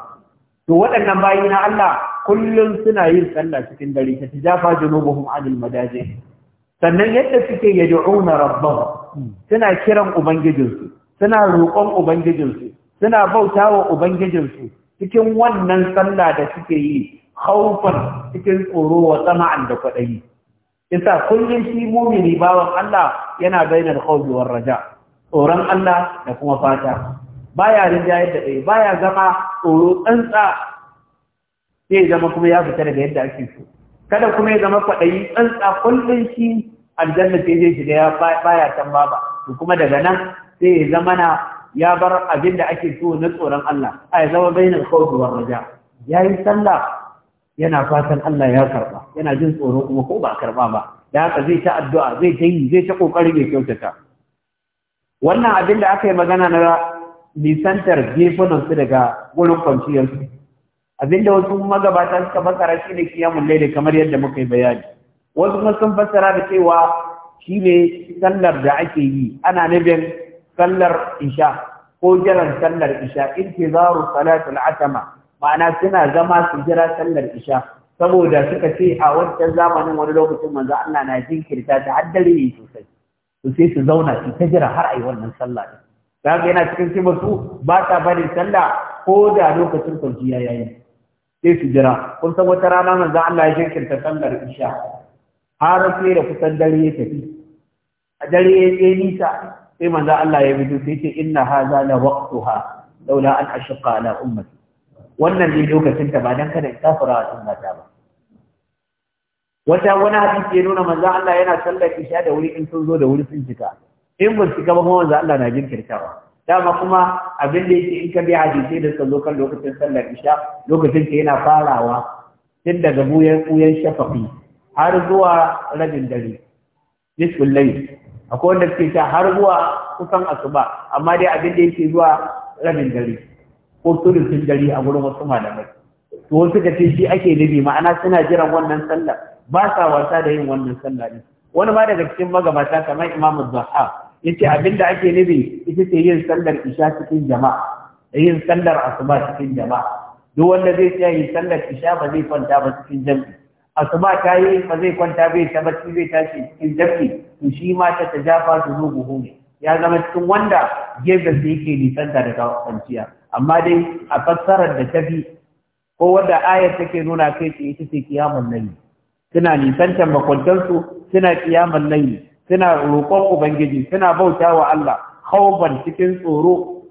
to waɗannan bayi na Allah kullum suna yin sallah cikin dare ta tijafa junubuhum anil madaji sannan yadda suke yad'una rabbahum suna kiran ubangijinsu suna roƙon ubangijinsu suna bautawa ubangijinsu cikin wannan sallah da suke yi khawfan cikin tsoro wa tsama'an da kwaɗayi isa kullum shi mumini bawan Allah yana bainar khawfi war raja tsoron Allah da kuma fata baya rinjaye da dai baya zama tsoro tsantsa sai zama kuma ya fita daga yadda ake so kada kuma ya zama kwaɗayi tsantsa kullum shi aljanna sai zai shiga ya baya can ba to kuma daga nan sai ya zama na ya bar abin da ake so na tsoron Allah a ya zama bai na kawai war raja yi sallah yana fatan Allah ya karba yana jin tsoro kuma ko ba a karba ba da haka zai ta addu'a zai ta yi zai ta kokarin ya kyautata wannan abin da aka yi magana na nisantar gefunan daga wurin kwanciyarsu abinda wasu magabata suka fassara shi ne kiyamun laili kamar yadda muka yi bayani wasu kuma sun fassara da cewa shi ne sallar da ake yi ana nufin sallar isha ko jiran sallar isha intizaru salatul atama ma'ana suna zama su jira sallar isha saboda suka ce a wancan zamanin wani lokacin manzo Allah na jinkirta ta haddare ne sosai to sai su zauna su ta jira har ai wannan sallah din kaga yana cikin su ba ta bari sallah ko da lokacin kwanciya yayi sai su jira kun san wata rana manzo Allah ya jinkirta sallar isha har sai da kusan dare ya tafi a dare ya je nisa sai manzo Allah ya bido sai ce inna hadha la waqtuha laula an ashqa ala ummati wannan ne lokacin ta ba dan kada in fara a ta ba wata wani hadisi ya nuna manzo Allah yana sallar isha da wuri in sun zo da wuri sun cika in ba su gaba manzo Allah na jinkirtawa dama kuma abin da yake in ka bi hadisi da suka zo kan lokacin sallar isha lokacin ka yana farawa tun daga buyan buyan shafafi har zuwa rabin dare nisfin layl akwai wanda suke ta har zuwa kusan asuba amma dai abin da yake zuwa rabin dare ko tulusin dare a gurin wasu malamai to wasu ka ce shi ake nufi ma'ana suna jiran wannan sallar ba sa wasa da yin wannan sallah ne wani ma daga cikin magabata kamar imamu zahab yace abinda ake nufi ita ce yin sallar isha cikin jama'a da yin sallar asuba cikin jama'a duk wanda zai tsaya yin sallar isha ba zai kwanta ba cikin jam'i asuba ta yi ba zai kwanta bai ta barci zai tashi cikin jam'i to shi ma ta tajafa su zo buhu ne ya zama cikin wanda gefe da yake nisan da daga kwanciya amma dai a fassarar da tafi ko wanda ayar take nuna kai ce ita ce kiyamun nayi suna can makwantansu suna kiyamun nayi suna roƙon ubangiji suna bauta wa Allah khawban cikin tsoro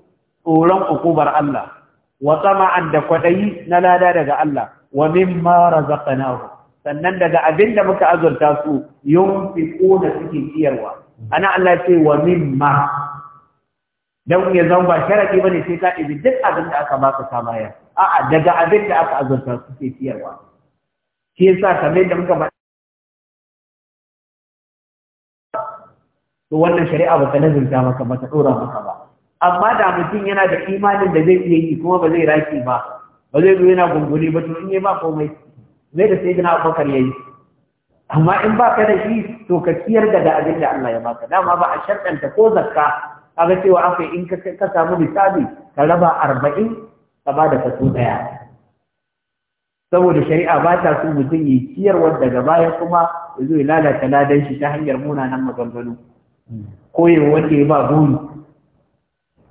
tsoron ukubar Allah wa tama'an da kwadayi na lada daga Allah wa mimma razaqnahu sannan daga abin da muka azurta su yunfiquna suke ciyarwa ana Allah ce wa mimma dan ya zama ba sharadi bane sai ka ibi duk abin da aka baka ka bayar a'a daga abin da aka azurta su suke ciyarwa shi yasa kamar da muka to wannan shari'a ba ta nazarta maka ba ta dora maka ba amma da mutum yana da imanin da zai iya yi kuma ba zai raki ba ba zai zo yana gungure ba to in yi ba komai zai da sai gina abubakar ya yi amma in ba ka da shi to ka ciyar da da abin da Allah ya baka dama ba a sharɗanta ko zakka ga cewa akwai in ka samu misali ka raba arba'in ka ba da kaso ɗaya saboda shari'a ba ta so mutum ya ciyar daga baya kuma ya zo lalata ladan shi ta hanyar munanan maganganu ko wanda ya ba buri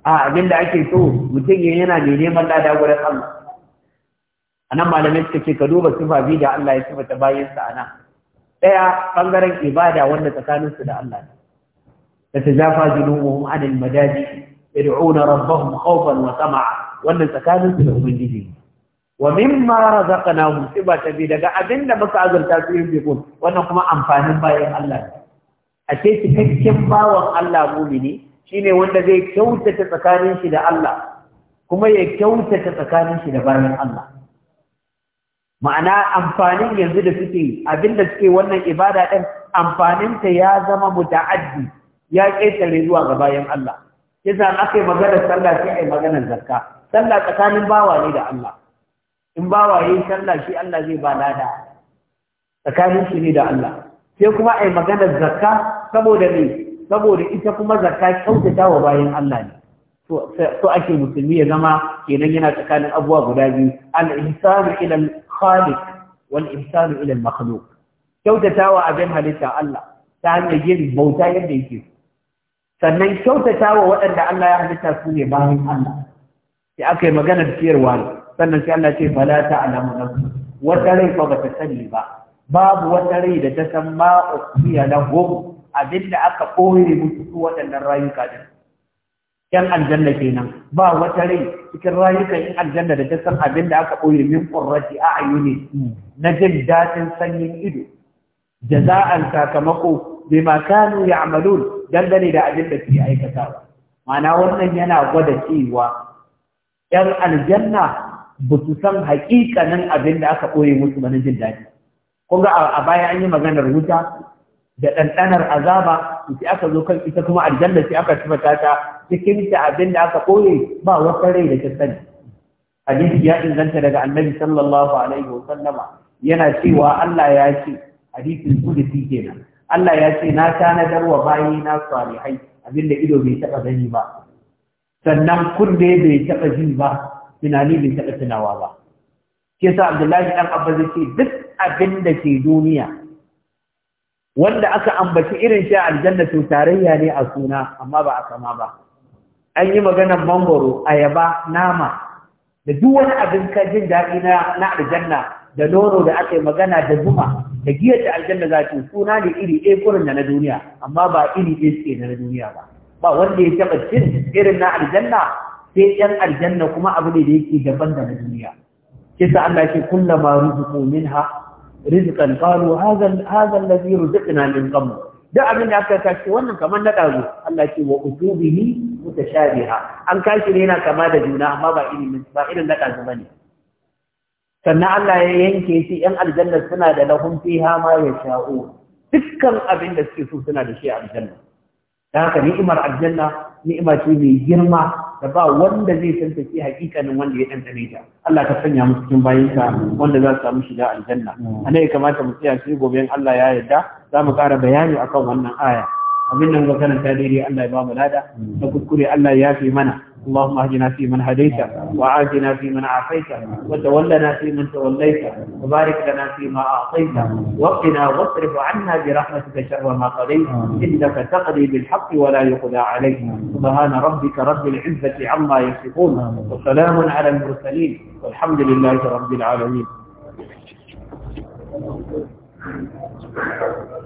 a abin da ake so mutum ya yana ne neman lada wurin Allah a nan malamai suka ce ka duba sifa biyu da Allah ya sifata bayansa a nan ɗaya ɓangaren ibada wanda tsakaninsu da Allah ne ta تتجافى جنوبهم عن المداجع يدعون ربهم wa وطمعا wannan tsakanin su da ubangiji ومما رزقناهم ta bi daga abinda muka azurta su yin bikun wannan kuma amfanin bayan Allah ne. ashe cikin bawan Allah mumini shine wanda zai kyautata tsakanin shi da Allah kuma ya kyautata tsakanin shi da bayan Allah ma'ana amfanin yanzu da suke abinda suke wannan ibada din amfaninta ya zama muta'addi ya ƙetare zuwa ga bayan Allah yasa an aka yi magana sallah sai a magana maganar zakka sallah tsakanin bawa ne da Allah in bawa ya yi sallah shi Allah zai ba lada tsakanin shi ne da Allah sai kuma a yi maganar zakka saboda ne saboda ita kuma zakka kyautata wa bayan Allah ne to ake musulmi ya zama kenan yana tsakanin abuwa guda biyu al-ihsanu ila al-khaliq wal ihsanu ila al-makhluq kyautata wa abin halitta Allah ta hanyar yin bauta yadda yake sannan kyautata wa waɗanda Allah ya halitta su ne bayan Allah sai aka yi maganar ciyarwa ne sannan sai Allah ce fala ta'lamu nafsu wata rai ba bata sani ba babu wata rai da ta san ma ukhfiya lahum abinda aka ɓoye musu su waɗannan rayuka din yan aljanna kenan ba wata rai cikin rayuka yan aljanna da ta san da aka koyi min qurrati a'yuni na jin dadin sanyin ido jaza'an sakamako bima kanu ya'malun dangane da abinda suke aikatawa ma'ana wannan yana gwada cewa yan aljanna ba su san hakikanin abin da aka ɓoye musu ba na jin daɗi. Kun ga a baya an yi maganar wuta, da ɗanɗanar azaba sai aka zo kan ita kuma aljanna sai aka sifata ta cikin ta abin da aka koye ba wata rai da ta sani hadisi ya inganta daga annabi sallallahu alaihi wa sallama yana cewa Allah ya ce hadisin kudusi kenan Allah ya ce na tanadar wa bayi na salihai da ido bai taɓa gani ba sannan kunne bai taɓa ji ba tunani bai taɓa tunawa ba ke sa Abdullahi dan abbas yace ce duk abin da ke duniya wanda aka ambaci irin shi aljanna to tarayya ne a suna amma ba a kama ba an yi maganar mangoro ayaba nama da duk wani abin ka jin daɗi na na aljanna da nono da aka yi magana da zuma da giyar da aljanna za ta suna ne iri ɗaya kurin da na duniya amma ba iri ɗaya suke na duniya ba ba wanda ya taɓa cin irin na aljanna sai ɗan aljanna kuma abu ne da yake daban da na duniya kisa Allah ke kullama ruzuku minha rizqan qalu hadha hadha alladhi ruzqna min qabl da abin da aka kace wannan kamar na dazu Allah ce wa utubihi mutashabiha an kashi ne yana kama da juna amma ba irin ba irin na dazu bane sannan Allah ya yanke shi ‘yan aljanna suna da lahun fiha ma ya sha'o dukkan abin da suke so suna da shi a aljanna da haka ni'imar aljanna ni'ima ce mai girma da ba wanda zai tantance hakikanin wanda ya tantane ta Allah ka sanya mu cikin bayinka wanda za su samu shiga aljanna Anai ya kamata mu tsaya sai gobe Allah ya yarda za mu ƙara bayani akan wannan aya abin nan ga ta daidai Allah ya ba mu lada da kuskure Allah ya fi mana اللهم اهدنا فيمن هديت وعافنا فيمن عافيت وتولنا فيمن توليت وبارك لنا فيما اعطيت وقنا واصرف عنا برحمتك شر ما قضيت انك تقضي بالحق ولا يقضى عليك سبحان ربك رب العزه عما يصفون وسلام على المرسلين والحمد لله رب العالمين Thank you.